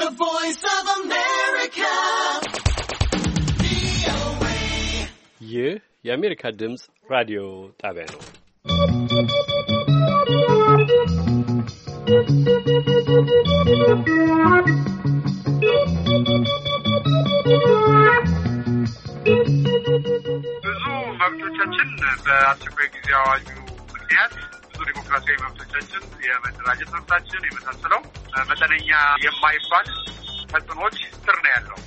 The Voice of America. ይህ የአሜሪካ ድምፅ ራዲዮ ጣቢያ ነው። ብዙ መብቶቻችን በአስቸኳይ ጊዜ አዋጁ ምክንያት ብዙ ዲሞክራሲያዊ መብቶቻችን የመደራጀት መብታችን የመሳሰለው መጠነኛ የማይባል ተጽዕኖች ስር ነው ያለው።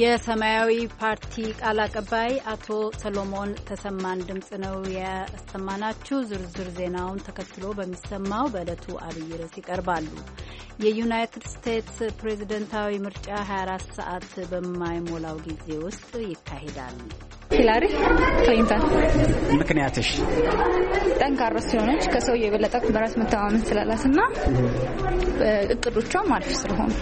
የሰማያዊ ፓርቲ ቃል አቀባይ አቶ ሰሎሞን ተሰማን ድምፅ ነው ያሰማናችሁ። ዝርዝር ዜናውን ተከትሎ በሚሰማው በዕለቱ አብይ ርዕስ ይቀርባሉ። የዩናይትድ ስቴትስ ፕሬዝደንታዊ ምርጫ 24 ሰዓት በማይሞላው ጊዜ ውስጥ ይካሄዳል። ሂላሪ ክሊንተን። ምክንያትሽ ጠንካራ ስለሆነች ከሰው የበለጠ በራስ መተማመን ስላላት እና እቅዶቿም አሪፍ ስለሆኑ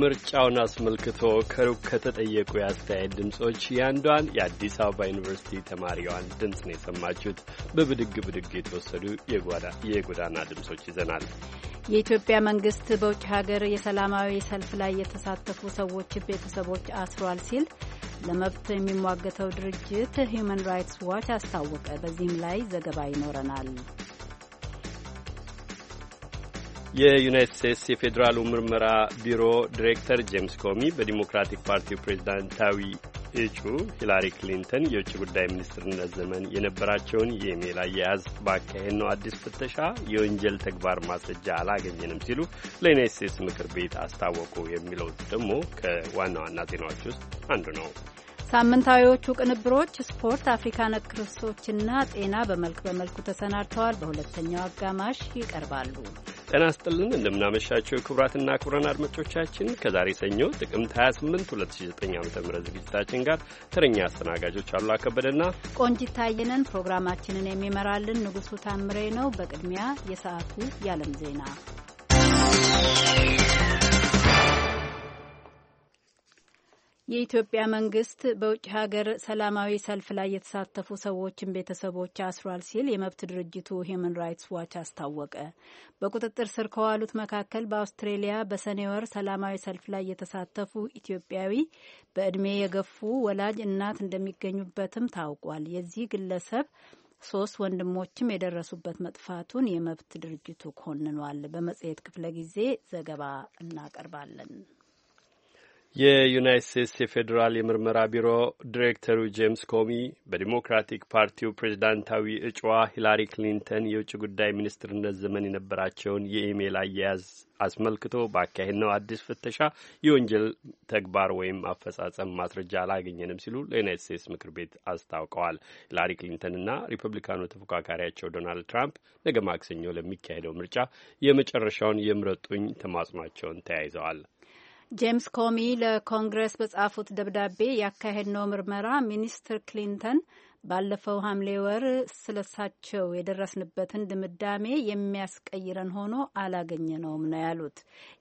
ምርጫውን አስመልክቶ ከሩቅ ከተጠየቁ የአስተያየት ድምፆች የአንዷን የአዲስ አበባ ዩኒቨርሲቲ ተማሪዋን ድምፅ ነው የሰማችሁት። በብድግ ብድግ የተወሰዱ የጎዳና ድምፆች ይዘናል። የኢትዮጵያ መንግስት በውጭ ሀገር የሰላማዊ ሰልፍ ላይ የተሳተፉ ሰዎች ቤተሰቦች አስሯል ሲል ለመብት የሚሟገተው ድርጅት ሂዩማን ራይትስ ዋች አስታወቀ። በዚህም ላይ ዘገባ ይኖረናል። የዩናይትድ ስቴትስ የፌዴራሉ ምርመራ ቢሮ ዲሬክተር ጄምስ ኮሚ በዲሞክራቲክ ፓርቲው ፕሬዝዳንታዊ እጩ ሂላሪ ክሊንተን የውጭ ጉዳይ ሚኒስትርነት ዘመን የነበራቸውን የኢሜይል አያያዝ ባካሄድ ነው አዲስ ፍተሻ የወንጀል ተግባር ማስረጃ አላገኘንም ሲሉ ለዩናይት ስቴትስ ምክር ቤት አስታወቁ። የሚለው ደግሞ ከዋና ዋና ዜናዎች ውስጥ አንዱ ነው። ሳምንታዊዎቹ ቅንብሮች ስፖርት፣ አፍሪካ ነክ ርዕሶችና ጤና በመልክ በመልኩ ተሰናድተዋል። በሁለተኛው አጋማሽ ይቀርባሉ። ጤና ስጥልን እንደምናመሻቸው ክቡራትና ክቡራን አድማጮቻችን ከዛሬ ሰኞ ጥቅምት 28 2009 ዓ ም ዝግጅታችን ጋር ተረኛ አስተናጋጆች አሉ አከበደና ቆንጂት ታየነን። ፕሮግራማችንን የሚመራልን ንጉሱ ታምሬ ነው። በቅድሚያ የሰዓቱ የዓለም ዜና የኢትዮጵያ መንግስት በውጭ ሀገር ሰላማዊ ሰልፍ ላይ የተሳተፉ ሰዎችን ቤተሰቦች አስሯል ሲል የመብት ድርጅቱ ሂዩማን ራይትስ ዋች አስታወቀ። በቁጥጥር ስር ከዋሉት መካከል በአውስትሬሊያ በሰኔ ወር ሰላማዊ ሰልፍ ላይ የተሳተፉ ኢትዮጵያዊ በእድሜ የገፉ ወላጅ እናት እንደሚገኙበትም ታውቋል። የዚህ ግለሰብ ሶስት ወንድሞችም የደረሱበት መጥፋቱን የመብት ድርጅቱ ኮንኗል። በመጽሔት ክፍለ ጊዜ ዘገባ እናቀርባለን። የዩናይት ስቴትስ የፌዴራል የምርመራ ቢሮ ዲሬክተሩ ጄምስ ኮሚ በዲሞክራቲክ ፓርቲው ፕሬዚዳንታዊ እጩዋ ሂላሪ ክሊንተን የውጭ ጉዳይ ሚኒስትርነት ዘመን የነበራቸውን የኢሜይል አያያዝ አስመልክቶ በአካሄድ ነው አዲስ ፍተሻ የወንጀል ተግባር ወይም አፈጻጸም ማስረጃ አላገኘንም ሲሉ ለዩናይት ስቴትስ ምክር ቤት አስታውቀዋል። ሂላሪ ክሊንተንና ሪፐብሊካኑ ተፎካካሪያቸው ዶናልድ ትራምፕ ነገ ማክሰኞ ለሚካሄደው ምርጫ የመጨረሻውን የምረጡኝ ተማጽኗቸውን ተያይዘዋል። ጄምስ ኮሚ ለኮንግረስ በጻፉት ደብዳቤ ያካሄድነው ምርመራ ሚኒስትር ክሊንተን ባለፈው ሐምሌ ወር ስለሳቸው የደረስንበትን ድምዳሜ የሚያስቀይረን ሆኖ አላገኘ ነውም ነው ያሉት።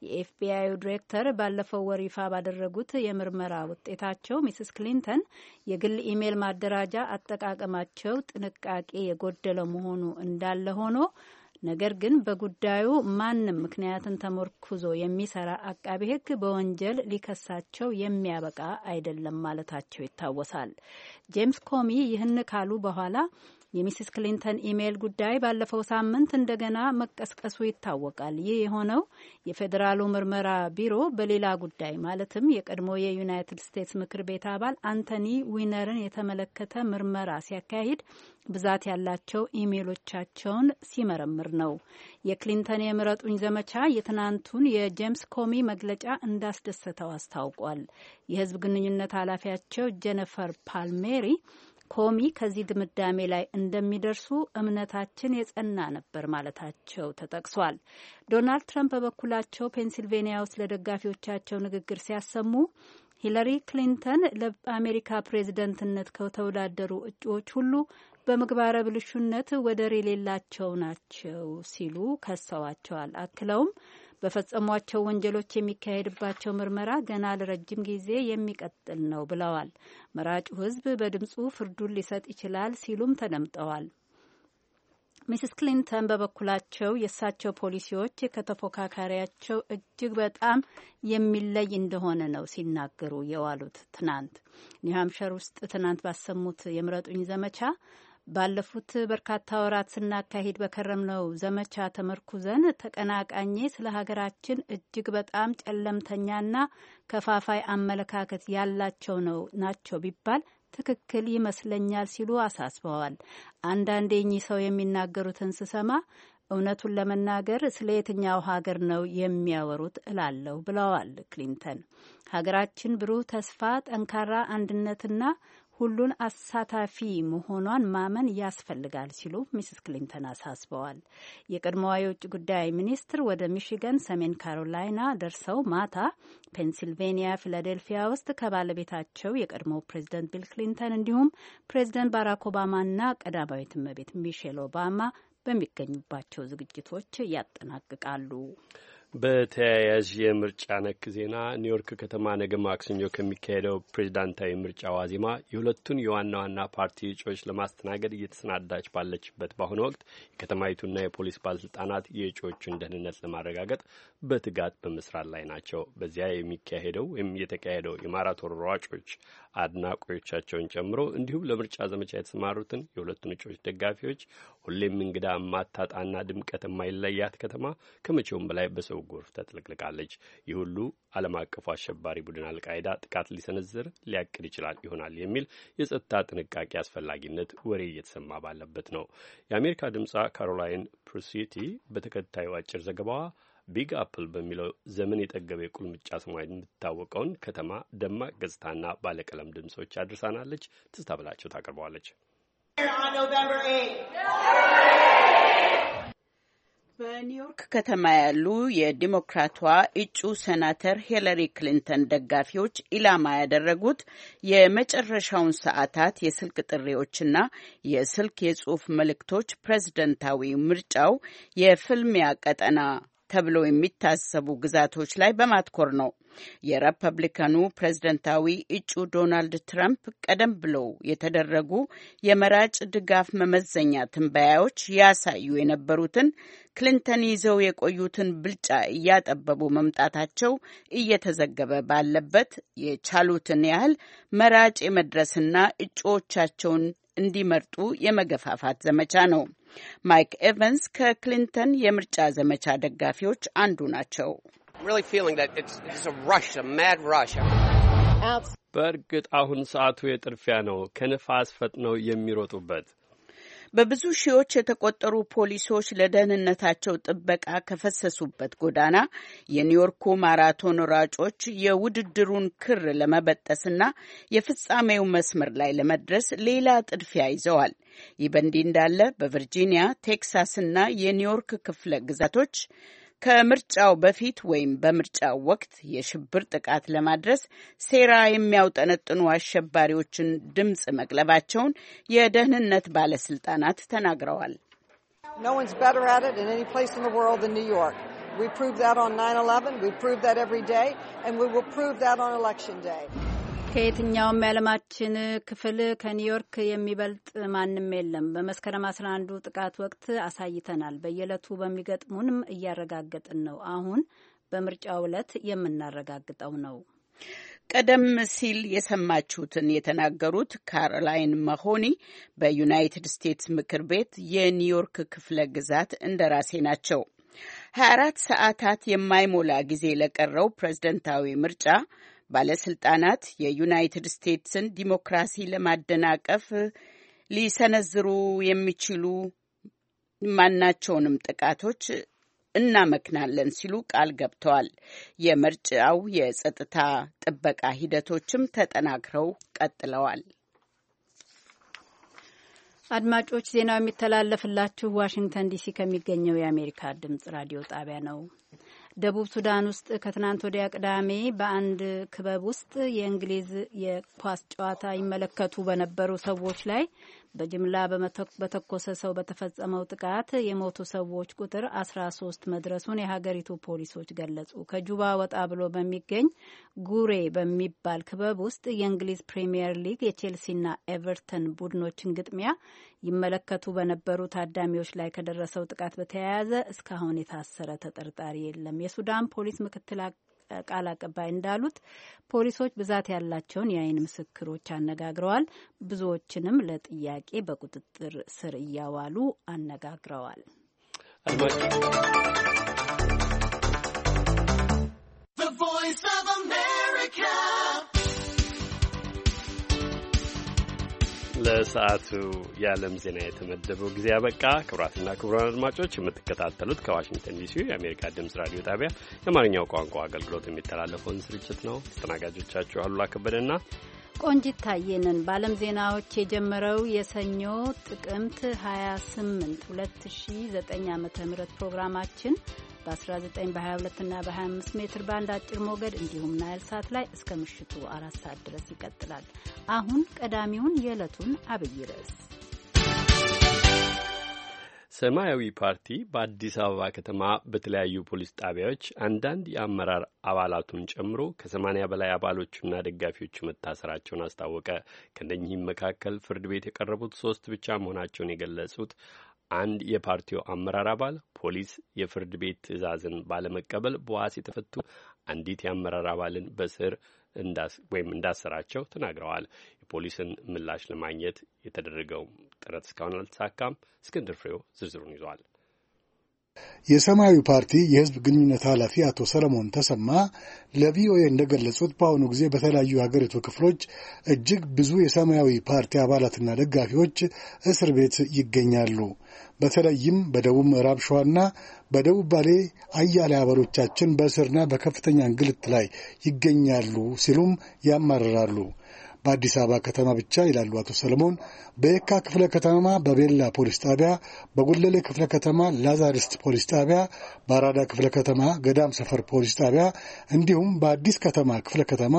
የኤፍቢአዩ ዲሬክተር ባለፈው ወር ይፋ ባደረጉት የምርመራ ውጤታቸው ሚስስ ክሊንተን የግል ኢሜል ማደራጃ አጠቃቀማቸው ጥንቃቄ የጎደለው መሆኑ እንዳለ ሆኖ ነገር ግን በጉዳዩ ማንም ምክንያትን ተመርኩዞ የሚሰራ አቃቤ ሕግ በወንጀል ሊከሳቸው የሚያበቃ አይደለም ማለታቸው ይታወሳል። ጄምስ ኮሚ ይህን ካሉ በኋላ የሚስስ ክሊንተን ኢሜይል ጉዳይ ባለፈው ሳምንት እንደገና መቀስቀሱ ይታወቃል። ይህ የሆነው የፌዴራሉ ምርመራ ቢሮ በሌላ ጉዳይ ማለትም የቀድሞ የዩናይትድ ስቴትስ ምክር ቤት አባል አንቶኒ ዊነርን የተመለከተ ምርመራ ሲያካሂድ ብዛት ያላቸው ኢሜይሎቻቸውን ሲመረምር ነው። የክሊንተን የምረጡኝ ዘመቻ የትናንቱን የጄምስ ኮሚ መግለጫ እንዳስደሰተው አስታውቋል። የህዝብ ግንኙነት ኃላፊያቸው ጄኒፈር ፓልሜሪ ኮሚ ከዚህ ድምዳሜ ላይ እንደሚደርሱ እምነታችን የጸና ነበር ማለታቸው ተጠቅሷል። ዶናልድ ትራምፕ በበኩላቸው ፔንሲልቬኒያ ውስጥ ለደጋፊዎቻቸው ንግግር ሲያሰሙ ሂለሪ ክሊንተን ለአሜሪካ ፕሬዝደንትነት ከተወዳደሩ እጩዎች ሁሉ በምግባረ ብልሹነት ወደር የሌላቸው ናቸው ሲሉ ከሰዋቸዋል። አክለውም በፈጸሟቸው ወንጀሎች የሚካሄድባቸው ምርመራ ገና ለረጅም ጊዜ የሚቀጥል ነው ብለዋል። መራጩ ሕዝብ በድምፁ ፍርዱን ሊሰጥ ይችላል ሲሉም ተደምጠዋል። ሚስስ ክሊንተን በበኩላቸው የእሳቸው ፖሊሲዎች ከተፎካካሪያቸው እጅግ በጣም የሚለይ እንደሆነ ነው ሲናገሩ የዋሉት። ትናንት ኒውሃምሸር ውስጥ ትናንት ባሰሙት የምረጡኝ ዘመቻ ባለፉት በርካታ ወራት ስናካሂድ በከረምነው ዘመቻ ተመርኩዘን ተቀናቃኜ ስለ ሀገራችን እጅግ በጣም ጨለምተኛና ከፋፋይ አመለካከት ያላቸው ነው ናቸው ቢባል ትክክል ይመስለኛል ሲሉ አሳስበዋል። አንዳንዴ እኚህ ሰው የሚናገሩትን ስሰማ እውነቱን ለመናገር ስለ የትኛው ሀገር ነው የሚያወሩት እላለሁ ብለዋል ክሊንተን። ሀገራችን ብሩህ ተስፋ፣ ጠንካራ አንድነትና ሁሉን አሳታፊ መሆኗን ማመን ያስፈልጋል ሲሉ ሚስስ ክሊንተን አሳስበዋል። የቀድሞዋ የውጭ ጉዳይ ሚኒስትር ወደ ሚሽገን፣ ሰሜን ካሮላይና ደርሰው ማታ ፔንሲልቬኒያ፣ ፊላዴልፊያ ውስጥ ከባለቤታቸው የቀድሞው ፕሬዚደንት ቢል ክሊንተን እንዲሁም ፕሬዚደንት ባራክ ኦባማና ቀዳማዊት እመቤት ሚሼል ኦባማ በሚገኙባቸው ዝግጅቶች ያጠናቅቃሉ። በተያያዥ የምርጫ ነክ ዜና ኒውዮርክ ከተማ ነገ ማክሰኞ ከሚካሄደው ፕሬዚዳንታዊ ምርጫ ዋዜማ የሁለቱን የዋና ዋና ፓርቲ እጩዎች ለማስተናገድ እየተሰናዳች ባለችበት በአሁኑ ወቅት የከተማይቱና የፖሊስ ባለስልጣናት የእጩዎቹን ደህንነት ለማረጋገጥ በትጋት በመስራት ላይ ናቸው። በዚያ የሚካሄደው ወይም የተካሄደው የማራቶን ሯጮች አድናቂዎቻቸውን ጨምሮ እንዲሁም ለምርጫ ዘመቻ የተሰማሩትን የሁለቱን እጩዎች ደጋፊዎች ሁሌም እንግዳ ማታጣና ድምቀት የማይለያት ከተማ ከመቼውም በላይ በሰው ጎርፍ ተጥለቅልቃለች። ይህ ሁሉ ዓለም አቀፉ አሸባሪ ቡድን አልቃይዳ ጥቃት ሊሰነዝር ሊያቅድ ይችላል ይሆናል የሚል የጸጥታ ጥንቃቄ አስፈላጊነት ወሬ እየተሰማ ባለበት ነው። የአሜሪካ ድምጿ ካሮላይን ፕሩሲቲ በተከታዩ አጭር ዘገባዋ ቢግ አፕል በሚለው ዘመን የጠገበ የቁልምጫ ስሟ የምትታወቀውን ከተማ ደማቅ ገጽታና ባለቀለም ድምፆች አድርሳናለች። ትስታ ብላቸው ታቀርበዋለች። በኒውዮርክ ከተማ ያሉ የዲሞክራቷ እጩ ሴናተር ሂለሪ ክሊንተን ደጋፊዎች ኢላማ ያደረጉት የመጨረሻውን ሰዓታት የስልክ ጥሪዎችና የስልክ የጽሑፍ መልእክቶች ፕሬዝደንታዊ ምርጫው የፍልሚያ ቀጠና ተብለው የሚታሰቡ ግዛቶች ላይ በማትኮር ነው። የሪፐብሊካኑ ፕሬዝደንታዊ እጩ ዶናልድ ትራምፕ ቀደም ብለው የተደረጉ የመራጭ ድጋፍ መመዘኛ ትንበያዎች ያሳዩ የነበሩትን ክሊንተን ይዘው የቆዩትን ብልጫ እያጠበቡ መምጣታቸው እየተዘገበ ባለበት የቻሉትን ያህል መራጭ የመድረስና እጩዎቻቸውን እንዲመርጡ የመገፋፋት ዘመቻ ነው። ማይክ ኤቨንስ ከክሊንተን የምርጫ ዘመቻ ደጋፊዎች አንዱ ናቸው። በእርግጥ አሁን ሰዓቱ የጥርፊያ ነው፣ ከንፋስ ፈጥነው የሚሮጡበት በብዙ ሺዎች የተቆጠሩ ፖሊሶች ለደህንነታቸው ጥበቃ ከፈሰሱበት ጎዳና የኒውዮርኩ ማራቶን ሯጮች የውድድሩን ክር ለመበጠስና የፍጻሜው መስመር ላይ ለመድረስ ሌላ ጥድፊያ ይዘዋል። ይህ በእንዲህ እንዳለ በቨርጂኒያ ቴክሳስና የኒውዮርክ ክፍለ ግዛቶች ከምርጫው በፊት ወይም በምርጫው ወቅት የሽብር ጥቃት ለማድረስ ሴራ የሚያውጠነጥኑ አሸባሪዎችን ድምፅ መቅለባቸውን የደህንነት ባለስልጣናት ተናግረዋል። ከየትኛውም የዓለማችን ክፍል ከኒውዮርክ የሚበልጥ ማንም የለም። በመስከረም አስራ አንዱ ጥቃት ወቅት አሳይተናል። በየዕለቱ በሚገጥሙንም እያረጋገጥን ነው። አሁን በምርጫው ዕለት የምናረጋግጠው ነው። ቀደም ሲል የሰማችሁትን የተናገሩት ካሮላይን መሆኒ በዩናይትድ ስቴትስ ምክር ቤት የኒውዮርክ ክፍለ ግዛት እንደራሴ ናቸው። 24 ሰዓታት የማይሞላ ጊዜ ለቀረው ፕሬዝደንታዊ ምርጫ ባለስልጣናት የዩናይትድ ስቴትስን ዲሞክራሲ ለማደናቀፍ ሊሰነዝሩ የሚችሉ ማናቸውንም ጥቃቶች እናመክናለን ሲሉ ቃል ገብተዋል። የምርጫው የጸጥታ ጥበቃ ሂደቶችም ተጠናክረው ቀጥለዋል። አድማጮች፣ ዜናው የሚተላለፍላችሁ ዋሽንግተን ዲሲ ከሚገኘው የአሜሪካ ድምጽ ራዲዮ ጣቢያ ነው። ደቡብ ሱዳን ውስጥ ከትናንት ወዲያ ቅዳሜ በአንድ ክበብ ውስጥ የእንግሊዝ የኳስ ጨዋታ ይመለከቱ በነበሩ ሰዎች ላይ በጅምላ በተኮሰ ሰው በተፈጸመው ጥቃት የሞቱ ሰዎች ቁጥር 13 መድረሱን የሀገሪቱ ፖሊሶች ገለጹ። ከጁባ ወጣ ብሎ በሚገኝ ጉሬ በሚባል ክበብ ውስጥ የእንግሊዝ ፕሪምየር ሊግ የቼልሲና ኤቨርተን ቡድኖችን ግጥሚያ ይመለከቱ በነበሩ ታዳሚዎች ላይ ከደረሰው ጥቃት በተያያዘ እስካሁን የታሰረ ተጠርጣሪ የለም። የሱዳን ፖሊስ ምክትል ቃል አቀባይ እንዳሉት ፖሊሶች ብዛት ያላቸውን የአይን ምስክሮች አነጋግረዋል። ብዙዎችንም ለጥያቄ በቁጥጥር ስር እያዋሉ አነጋግረዋል። ለሰዓቱ የዓለም ዜና የተመደበው ጊዜ አበቃ። ክቡራትና ክቡራን አድማጮች የምትከታተሉት ከዋሽንግተን ዲሲ የአሜሪካ ድምፅ ራዲዮ ጣቢያ የአማርኛው ቋንቋ አገልግሎት የሚተላለፈውን ስርጭት ነው። አስተናጋጆቻችሁ አሉላ ከበደና ቆንጂት ታየንን በዓለም ዜናዎች የጀመረው የሰኞ ጥቅምት 28 2009 ዓ ም ፕሮግራማችን በ19 በ22 እና በ25 ሜትር ባንድ አጭር ሞገድ እንዲሁም ናይል ሳት ላይ እስከ ምሽቱ አራት ሰዓት ድረስ ይቀጥላል። አሁን ቀዳሚውን የዕለቱን አብይ ርዕስ ሰማያዊ ፓርቲ በአዲስ አበባ ከተማ በተለያዩ ፖሊስ ጣቢያዎች አንዳንድ የአመራር አባላቱን ጨምሮ ከሰማኒያ በላይ አባሎቹና ደጋፊዎቹ መታሰራቸውን አስታወቀ። ከእነኚህም መካከል ፍርድ ቤት የቀረቡት ሶስት ብቻ መሆናቸውን የገለጹት አንድ የፓርቲው አመራር አባል ፖሊስ የፍርድ ቤት ትዕዛዝን ባለመቀበል በዋስ የተፈቱ አንዲት የአመራር አባልን በስር ወይም እንዳሰራቸው ተናግረዋል። የፖሊስን ምላሽ ለማግኘት የተደረገው ጥረት እስካሁን አልተሳካም። እስክንድር ፍሬው ዝርዝሩን ይዟል። የሰማያዊ ፓርቲ የህዝብ ግንኙነት ኃላፊ አቶ ሰለሞን ተሰማ ለቪኦኤ እንደገለጹት በአሁኑ ጊዜ በተለያዩ የሀገሪቱ ክፍሎች እጅግ ብዙ የሰማያዊ ፓርቲ አባላትና ደጋፊዎች እስር ቤት ይገኛሉ። በተለይም በደቡብ ምዕራብ ሸዋና በደቡብ ባሌ አያሌ አባሎቻችን በእስርና በከፍተኛ እንግልት ላይ ይገኛሉ ሲሉም ያማርራሉ። በአዲስ አበባ ከተማ ብቻ ይላሉ አቶ ሰለሞን። በየካ ክፍለ ከተማ በቤላ ፖሊስ ጣቢያ፣ በጉለሌ ክፍለ ከተማ ላዛሪስት ፖሊስ ጣቢያ፣ በአራዳ ክፍለ ከተማ ገዳም ሰፈር ፖሊስ ጣቢያ እንዲሁም በአዲስ ከተማ ክፍለ ከተማ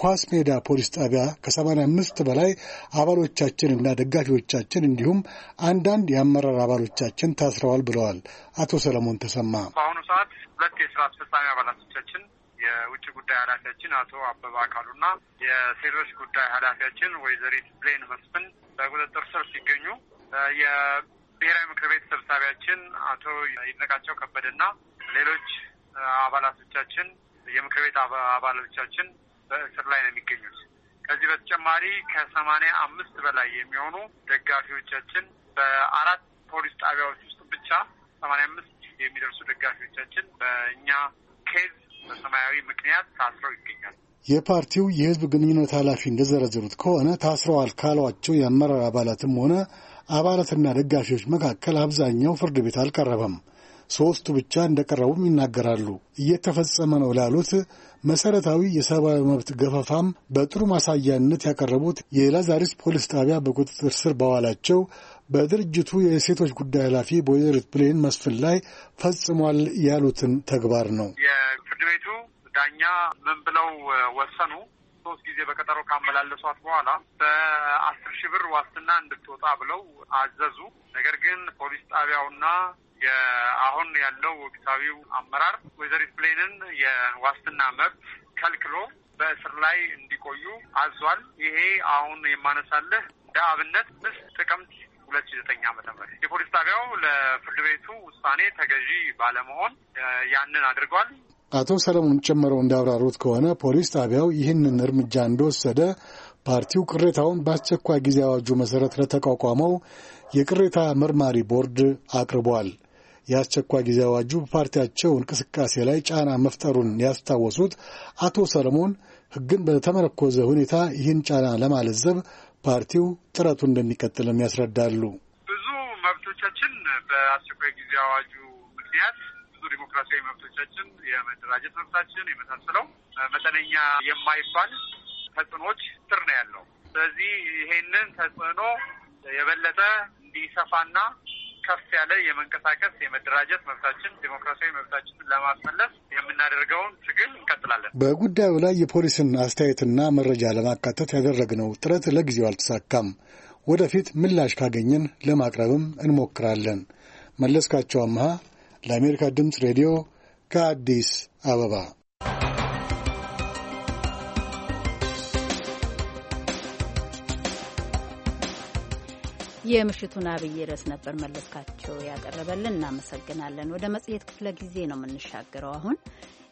ኳስ ሜዳ ፖሊስ ጣቢያ ከ85 በላይ እና ደጋፊዎቻችን እንዲሁም አንዳንድ የአመራር አባሎቻችን ታስረዋል ብለዋል አቶ ሰለሞን ተሰማ። በአሁኑ ሰዓት ሁለት የስራ አስፈጻሚ አባላቶቻችን የውጭ ጉዳይ ኃላፊያችን አቶ አበባ አካሉና የሴቶች ጉዳይ ኃላፊያችን ወይዘሪት ብሌን መስፍን በቁጥጥር ስር ሲገኙ የብሔራዊ ምክር ቤት ሰብሳቢያችን አቶ ይድነቃቸው ከበደና ሌሎች አባላቶቻችን የምክር ቤት አባሎቻችን በእስር ላይ ነው የሚገኙት። ከዚህ በተጨማሪ ከሰማንያ አምስት በላይ የሚሆኑ ደጋፊዎቻችን በአራት ፖሊስ ጣቢያዎች ውስጥ ብቻ ሰማንያ አምስት የሚደርሱ ደጋፊዎቻችን በእኛ ኬዝ በሰማያዊ ምክንያት ታስረው ይገኛል። የፓርቲው የህዝብ ግንኙነት ኃላፊ እንደዘረዘሩት ከሆነ ታስረዋል ካሏቸው የአመራር አባላትም ሆነ አባላትና ደጋፊዎች መካከል አብዛኛው ፍርድ ቤት አልቀረበም። ሦስቱ ብቻ እንደቀረቡም ይናገራሉ። እየተፈጸመ ነው ላሉት መሠረታዊ የሰብአዊ መብት ገፈፋም በጥሩ ማሳያነት ያቀረቡት የላዛሪስ ፖሊስ ጣቢያ በቁጥጥር ስር በዋላቸው በድርጅቱ የሴቶች ጉዳይ ኃላፊ በወይዘሪት ብሌን መስፍን ላይ ፈጽሟል ያሉትን ተግባር ነው። ፍርድ ቤቱ ዳኛ ምን ብለው ወሰኑ? ሶስት ጊዜ በቀጠሮ ካመላለሷት በኋላ በአስር ሺህ ብር ዋስትና እንድትወጣ ብለው አዘዙ። ነገር ግን ፖሊስ ጣቢያውና አሁን ያለው ወቅታዊው አመራር ወይዘሪት ፕሌንን የዋስትና መብት ከልክሎ በእስር ላይ እንዲቆዩ አዟል። ይሄ አሁን የማነሳልህ እንደ አብነት ምስ ጥቅምት ሁለት ሺ ዘጠኝ ዓመተ ምህረት የፖሊስ ጣቢያው ለፍርድ ቤቱ ውሳኔ ተገዢ ባለመሆን ያንን አድርጓል። አቶ ሰለሞን ጨምረው እንዳብራሩት ከሆነ ፖሊስ ጣቢያው ይህንን እርምጃ እንደወሰደ ፓርቲው ቅሬታውን በአስቸኳይ ጊዜ አዋጁ መሠረት ለተቋቋመው የቅሬታ መርማሪ ቦርድ አቅርቧል። የአስቸኳይ ጊዜ አዋጁ በፓርቲያቸው እንቅስቃሴ ላይ ጫና መፍጠሩን ያስታወሱት አቶ ሰለሞን ሕግን በተመረኮዘ ሁኔታ ይህን ጫና ለማለዘብ ፓርቲው ጥረቱ እንደሚቀጥልም ያስረዳሉ። ብዙ መብቶቻችን በአስቸኳይ ጊዜ አዋጁ ምክንያት ዲሞክራሲያዊ መብቶቻችን፣ የመደራጀት መብታችን የመሳሰለው መጠነኛ የማይባል ተጽዕኖዎች ስር ነው ያለው። ስለዚህ ይሄንን ተጽዕኖ የበለጠ እንዲሰፋና ከፍ ያለ የመንቀሳቀስ የመደራጀት መብታችን ዴሞክራሲያዊ መብታችንን ለማስመለስ የምናደርገውን ትግል እንቀጥላለን። በጉዳዩ ላይ የፖሊስን አስተያየትና መረጃ ለማካተት ያደረግነው ጥረት ለጊዜው አልተሳካም። ወደፊት ምላሽ ካገኘን ለማቅረብም እንሞክራለን። መለስካቸው አምሃ ለአሜሪካ ድምፅ ሬዲዮ ከአዲስ አበባ የምሽቱን አብይ ርዕስ ነበር መለስካቸው ያቀረበልን። እናመሰግናለን። ወደ መጽሔት ክፍለ ጊዜ ነው የምንሻገረው አሁን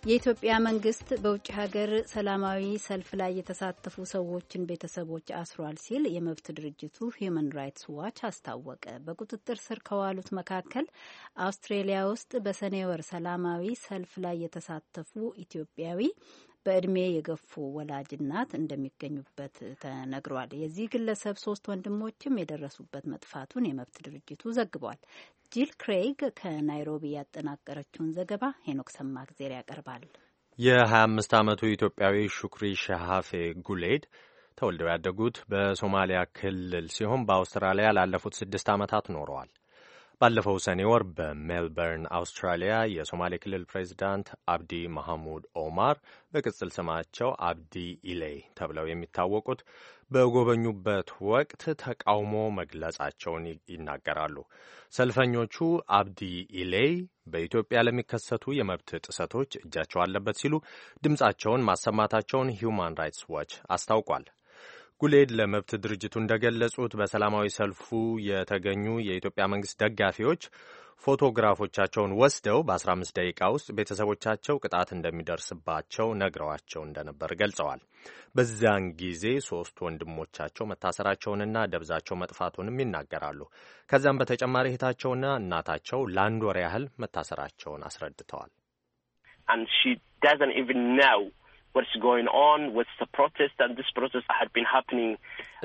የኢትዮጵያ መንግስት በውጭ ሀገር ሰላማዊ ሰልፍ ላይ የተሳተፉ ሰዎችን ቤተሰቦች አስሯል ሲል የመብት ድርጅቱ ሂዩማን ራይትስ ዋች አስታወቀ። በቁጥጥር ስር ከዋሉት መካከል አውስትሬሊያ ውስጥ በሰኔ ወር ሰላማዊ ሰልፍ ላይ የተሳተፉ ኢትዮጵያዊ በእድሜ የገፉ ወላጅ እናት እንደሚገኙበት ተነግሯል። የዚህ ግለሰብ ሶስት ወንድሞችም የደረሱበት መጥፋቱን የመብት ድርጅቱ ዘግቧል። ጂል ክሬይግ ከናይሮቢ ያጠናቀረችውን ዘገባ ሄኖክ ሰማግዜር ያቀርባል። የ25 ዓመቱ ኢትዮጵያዊ ሹክሪ ሸሃፌ ጉሌድ ተወልደው ያደጉት በሶማሊያ ክልል ሲሆን በአውስትራሊያ ላለፉት ስድስት ዓመታት ኖረዋል። ባለፈው ሰኔ ወር በሜልበርን አውስትራሊያ የሶማሌ ክልል ፕሬዚዳንት አብዲ መሐሙድ ኦማር በቅጽል ስማቸው አብዲ ኢሌይ ተብለው የሚታወቁት በጎበኙበት ወቅት ተቃውሞ መግለጻቸውን ይናገራሉ። ሰልፈኞቹ አብዲ ኢሌይ በኢትዮጵያ ለሚከሰቱ የመብት ጥሰቶች እጃቸው አለበት ሲሉ ድምፃቸውን ማሰማታቸውን ሂዩማን ራይትስ ዋች አስታውቋል። ጉሌድ ለመብት ድርጅቱ እንደገለጹት በሰላማዊ ሰልፉ የተገኙ የኢትዮጵያ መንግስት ደጋፊዎች ፎቶግራፎቻቸውን ወስደው በ15 ደቂቃ ውስጥ ቤተሰቦቻቸው ቅጣት እንደሚደርስባቸው ነግረዋቸው እንደነበር ገልጸዋል። በዚያን ጊዜ ሶስት ወንድሞቻቸው መታሰራቸውንና ደብዛቸው መጥፋቱንም ይናገራሉ። ከዚያም በተጨማሪ እህታቸውና እናታቸው ለአንድ ወር ያህል መታሰራቸውን አስረድተዋል። And she doesn't even know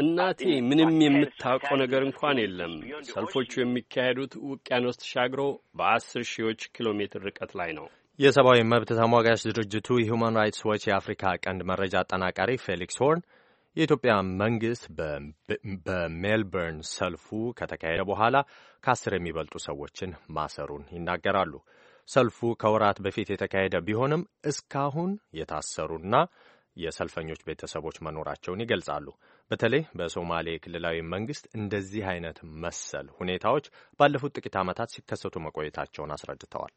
እናቴ ምንም የምታውቀው ነገር እንኳን የለም። ሰልፎቹ የሚካሄዱት ውቅያኖስ ተሻግሮ በአስር ሺዎች ኪሎ ሜትር ርቀት ላይ ነው። የሰብአዊ መብት ተሟጋች ድርጅቱ ሂውማን ራይትስ ዎች የአፍሪካ ቀንድ መረጃ አጠናቃሪ ፌሊክስ ሆርን የኢትዮጵያ መንግሥት በሜልበርን ሰልፉ ከተካሄደ በኋላ ከአስር የሚበልጡ ሰዎችን ማሰሩን ይናገራሉ። ሰልፉ ከወራት በፊት የተካሄደ ቢሆንም እስካሁን የታሰሩና የሰልፈኞች ቤተሰቦች መኖራቸውን ይገልጻሉ። በተለይ በሶማሌ ክልላዊ መንግስት እንደዚህ አይነት መሰል ሁኔታዎች ባለፉት ጥቂት ዓመታት ሲከሰቱ መቆየታቸውን አስረድተዋል።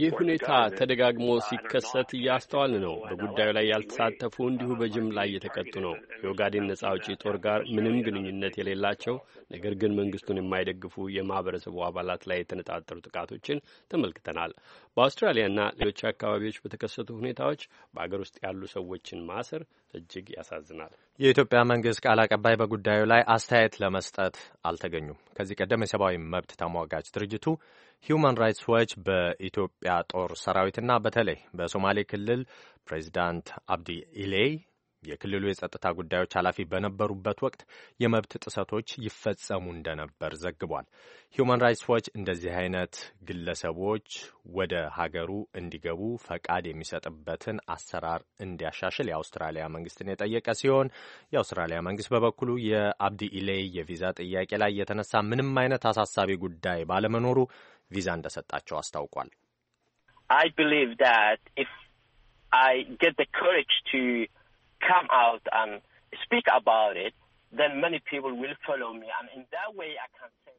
ይህ ሁኔታ ተደጋግሞ ሲከሰት እያስተዋል ነው። በጉዳዩ ላይ ያልተሳተፉ እንዲሁ በጅምላ እየተቀጡ ነው። የኦጋዴን ነጻ አውጪ ጦር ጋር ምንም ግንኙነት የሌላቸው ነገር ግን መንግስቱን የማይደግፉ የማህበረሰቡ አባላት ላይ የተነጣጠሩ ጥቃቶችን ተመልክተናል። በአውስትራሊያና ሌሎች አካባቢዎች በተከሰቱ ሁኔታዎች በአገር ውስጥ ያሉ ሰዎችን ማሰር እጅግ ያሳዝናል። የኢትዮጵያ መንግስት ቃል አቀባይ በጉዳዩ ላይ አስተያየት ለመስጠት አልተገኙም። ከዚህ ቀደም የሰብአዊ መብት ተሟጋች ድርጅቱ ሂዩማን ራይትስ ዋች በኢትዮጵያ ጦር ሰራዊትና በተለይ በሶማሌ ክልል ፕሬዚዳንት አብዲ ኢሌይ የክልሉ የጸጥታ ጉዳዮች ኃላፊ በነበሩበት ወቅት የመብት ጥሰቶች ይፈጸሙ እንደነበር ዘግቧል። ሂዩማን ራይትስ ዋች እንደዚህ አይነት ግለሰቦች ወደ ሀገሩ እንዲገቡ ፈቃድ የሚሰጥበትን አሰራር እንዲያሻሽል የአውስትራሊያ መንግስትን የጠየቀ ሲሆን የአውስትራሊያ መንግስት በበኩሉ የአብዲ ኢሌይ የቪዛ ጥያቄ ላይ የተነሳ ምንም አይነት አሳሳቢ ጉዳይ ባለመኖሩ I believe that if I get the courage to come out and speak about it, then many people will follow me and in that way I can say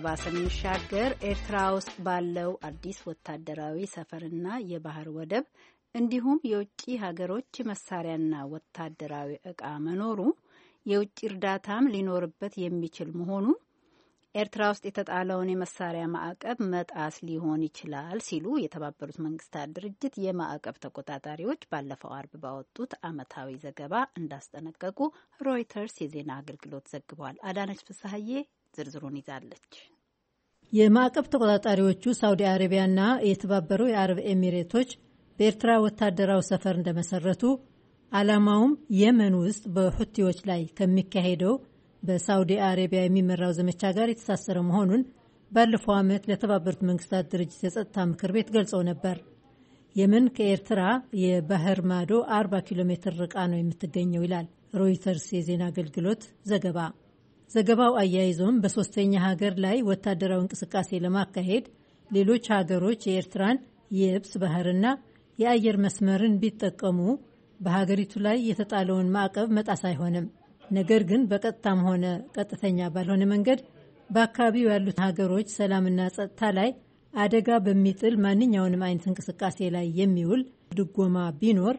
ዘገባ ስንሻገር ኤርትራ ውስጥ ባለው አዲስ ወታደራዊ ሰፈርና የባህር ወደብ እንዲሁም የውጭ ሀገሮች መሳሪያና ወታደራዊ እቃ መኖሩ የውጭ እርዳታም ሊኖርበት የሚችል መሆኑ ኤርትራ ውስጥ የተጣለውን የመሳሪያ ማዕቀብ መጣስ ሊሆን ይችላል ሲሉ የተባበሩት መንግስታት ድርጅት የማዕቀብ ተቆጣጣሪዎች ባለፈው አርብ ባወጡት ዓመታዊ ዘገባ እንዳስጠነቀቁ ሮይተርስ የዜና አገልግሎት ዘግቧል። አዳነች ፍስሀዬ ዝርዝሩን ይዛለች። የማዕቀብ ተቆጣጣሪዎቹ ሳውዲ አረቢያና የተባበሩ የአረብ ኤሚሬቶች በኤርትራ ወታደራዊ ሰፈር እንደመሰረቱ ዓላማውም የመን ውስጥ በሁቲዎች ላይ ከሚካሄደው በሳውዲ አረቢያ የሚመራው ዘመቻ ጋር የተሳሰረ መሆኑን ባለፈው ዓመት ለተባበሩት መንግስታት ድርጅት የጸጥታ ምክር ቤት ገልጸው ነበር። የመን ከኤርትራ የባህር ማዶ 40 ኪሎ ሜትር ርቃ ነው የምትገኘው ይላል ሮይተርስ የዜና አገልግሎት ዘገባ። ዘገባው አያይዞም በሶስተኛ ሀገር ላይ ወታደራዊ እንቅስቃሴ ለማካሄድ ሌሎች ሀገሮች የኤርትራን የብስ ባህርና የአየር መስመርን ቢጠቀሙ በሀገሪቱ ላይ የተጣለውን ማዕቀብ መጣስ አይሆንም። ነገር ግን በቀጥታም ሆነ ቀጥተኛ ባልሆነ መንገድ በአካባቢው ያሉት ሀገሮች ሰላምና ጸጥታ ላይ አደጋ በሚጥል ማንኛውንም አይነት እንቅስቃሴ ላይ የሚውል ድጎማ ቢኖር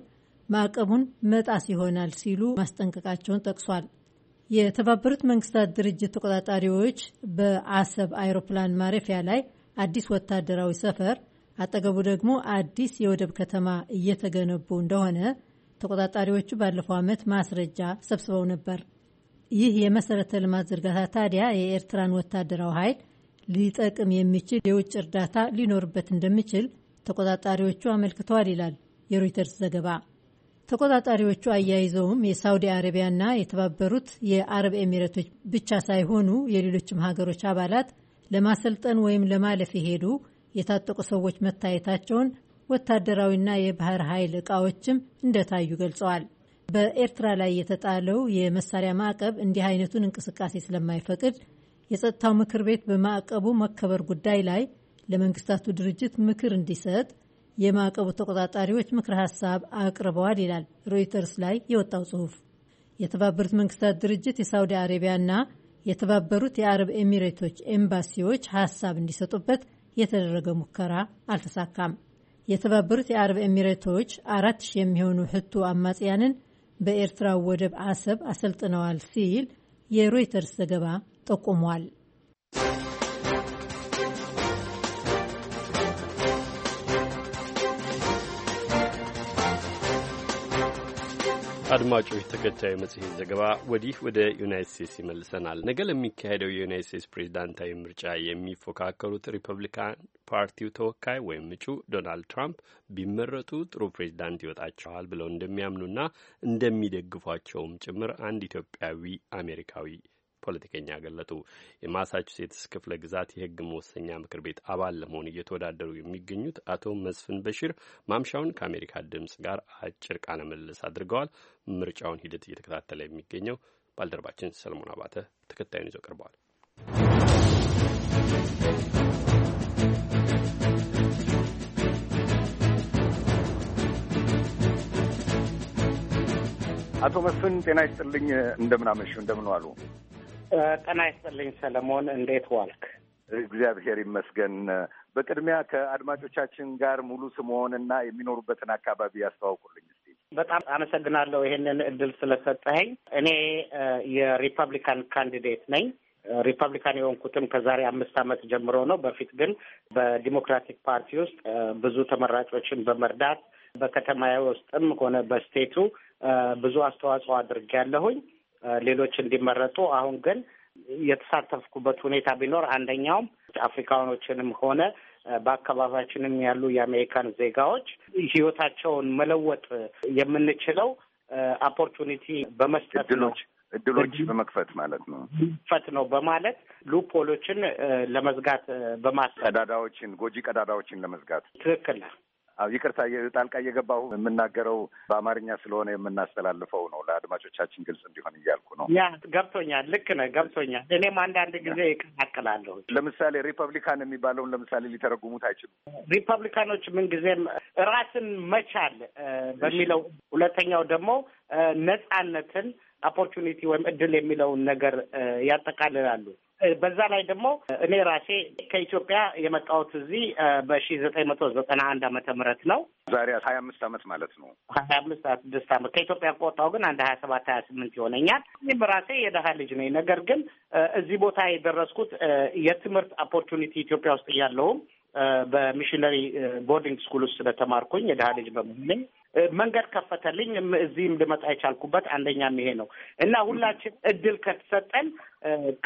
ማዕቀቡን መጣስ ይሆናል ሲሉ ማስጠንቀቃቸውን ጠቅሷል። የተባበሩት መንግስታት ድርጅት ተቆጣጣሪዎች በአሰብ አይሮፕላን ማረፊያ ላይ አዲስ ወታደራዊ ሰፈር አጠገቡ ደግሞ አዲስ የወደብ ከተማ እየተገነቡ እንደሆነ ተቆጣጣሪዎቹ ባለፈው ዓመት ማስረጃ ሰብስበው ነበር። ይህ የመሰረተ ልማት ዝርጋታ ታዲያ የኤርትራን ወታደራዊ ኃይል ሊጠቅም የሚችል የውጭ እርዳታ ሊኖርበት እንደሚችል ተቆጣጣሪዎቹ አመልክተዋል ይላል የሮይተርስ ዘገባ። ተቆጣጣሪዎቹ አያይዘውም የሳውዲ አረቢያና የተባበሩት የአረብ ኤሚሬቶች ብቻ ሳይሆኑ የሌሎችም ሀገሮች አባላት ለማሰልጠን ወይም ለማለፍ የሄዱ የታጠቁ ሰዎች መታየታቸውን፣ ወታደራዊና የባህር ኃይል እቃዎችም እንደታዩ ገልጸዋል። በኤርትራ ላይ የተጣለው የመሳሪያ ማዕቀብ እንዲህ አይነቱን እንቅስቃሴ ስለማይፈቅድ የጸጥታው ምክር ቤት በማዕቀቡ መከበር ጉዳይ ላይ ለመንግስታቱ ድርጅት ምክር እንዲሰጥ የማዕቀቡ ተቆጣጣሪዎች ምክረ ሀሳብ አቅርበዋል ይላል ሮይተርስ ላይ የወጣው ጽሑፍ። የተባበሩት መንግስታት ድርጅት የሳውዲ አረቢያና የተባበሩት የአረብ ኤሚሬቶች ኤምባሲዎች ሀሳብ እንዲሰጡበት የተደረገ ሙከራ አልተሳካም። የተባበሩት የአረብ ኤሚሬቶች አራት ሺህ የሚሆኑ ህቱ አማጽያንን በኤርትራ ወደብ አሰብ አሰልጥነዋል ሲል የሮይተርስ ዘገባ ጠቁሟል። አድማጮች ተከታዩ መጽሔት ዘገባ ወዲህ ወደ ዩናይት ስቴትስ ይመልሰናል። ነገ ለሚካሄደው የዩናይት ስቴትስ ፕሬዚዳንታዊ ምርጫ የሚፎካከሩት ሪፐብሊካን ፓርቲው ተወካይ ወይም እጩ ዶናልድ ትራምፕ ቢመረጡ ጥሩ ፕሬዚዳንት ይወጣቸዋል ብለው እንደሚያምኑና እንደሚደግፏቸውም ጭምር አንድ ኢትዮጵያዊ አሜሪካዊ ፖለቲከኛ ገለጡ። የማሳቹሴትስ ክፍለ ግዛት የህግ መወሰኛ ምክር ቤት አባል ለመሆን እየተወዳደሩ የሚገኙት አቶ መስፍን በሽር ማምሻውን ከአሜሪካ ድምጽ ጋር አጭር ቃለ ምልልስ አድርገዋል። ምርጫውን ሂደት እየተከታተለ የሚገኘው ባልደረባችን ሰለሞን አባተ ተከታዩን ይዘው ቀርበዋል። አቶ መስፍን ጤና ይስጥልኝ። እንደምን አመሹ? እንደምን ዋሉ? ጤና ይስጥልኝ ሰለሞን፣ እንዴት ዋልክ? እግዚአብሔር ይመስገን። በቅድሚያ ከአድማጮቻችን ጋር ሙሉ ስምዎን እና የሚኖሩበትን አካባቢ ያስተዋውቁልኝ በጣም አመሰግናለሁ ይሄንን እድል ስለሰጠኸኝ። እኔ የሪፐብሊካን ካንዲዴት ነኝ። ሪፐብሊካን የሆንኩትም ከዛሬ አምስት ዓመት ጀምሮ ነው። በፊት ግን በዲሞክራቲክ ፓርቲ ውስጥ ብዙ ተመራጮችን በመርዳት በከተማ ውስጥም ሆነ በስቴቱ ብዙ አስተዋጽኦ ያለሁኝ። ሌሎች እንዲመረጡ። አሁን ግን የተሳተፍኩበት ሁኔታ ቢኖር አንደኛውም አፍሪካኖችንም ሆነ በአካባቢያችንም ያሉ የአሜሪካን ዜጋዎች ህይወታቸውን መለወጥ የምንችለው ኦፖርቹኒቲ በመስጠት ነው እድሎች በመክፈት ማለት ነው ፈት ነው በማለት ሉፖሎችን ለመዝጋት በማሰብ ቀዳዳዎችን፣ ጎጂ ቀዳዳዎችን ለመዝጋት ትክክል ይቅርታ ጣልቃ እየገባሁ የምናገረው በአማርኛ ስለሆነ የምናስተላልፈው ነው። ለአድማጮቻችን ግልጽ እንዲሆን እያልኩ ነው። ያ ገብቶኛል። ልክ ነህ፣ ገብቶኛል። እኔም አንዳንድ ጊዜ ይቀላቅላለሁ። ለምሳሌ ሪፐብሊካን የሚባለውን ለምሳሌ ሊተረጉሙት አይችሉም። ሪፐብሊካኖች ምንጊዜም ራስን መቻል በሚለው ሁለተኛው ደግሞ ነጻነትን ኦፖርቹኒቲ ወይም እድል የሚለውን ነገር ያጠቃልላሉ። በዛ ላይ ደግሞ እኔ ራሴ ከኢትዮጵያ የመጣሁት እዚህ በሺ ዘጠኝ መቶ ዘጠና አንድ አመተ ምህረት ነው። ዛሬ ሀያ አምስት አመት ማለት ነው። ሀያ አምስት ሀያ ስድስት አመት ከኢትዮጵያ ከወጣሁ ግን አንድ ሀያ ሰባት ሀያ ስምንት ይሆነኛል። እኔም ራሴ የደሃ ልጅ ነኝ። ነገር ግን እዚህ ቦታ የደረስኩት የትምህርት ኦፖርቹኒቲ ኢትዮጵያ ውስጥ እያለሁም በሚሽነሪ ቦርዲንግ ስኩል ውስጥ ስለተማርኩኝ የደሃ ልጅ በመሆኔ መንገድ ከፈተልኝ። እዚህም ልመጣ የቻልኩበት አንደኛም ይሄ ነው እና ሁላችን እድል ከተሰጠን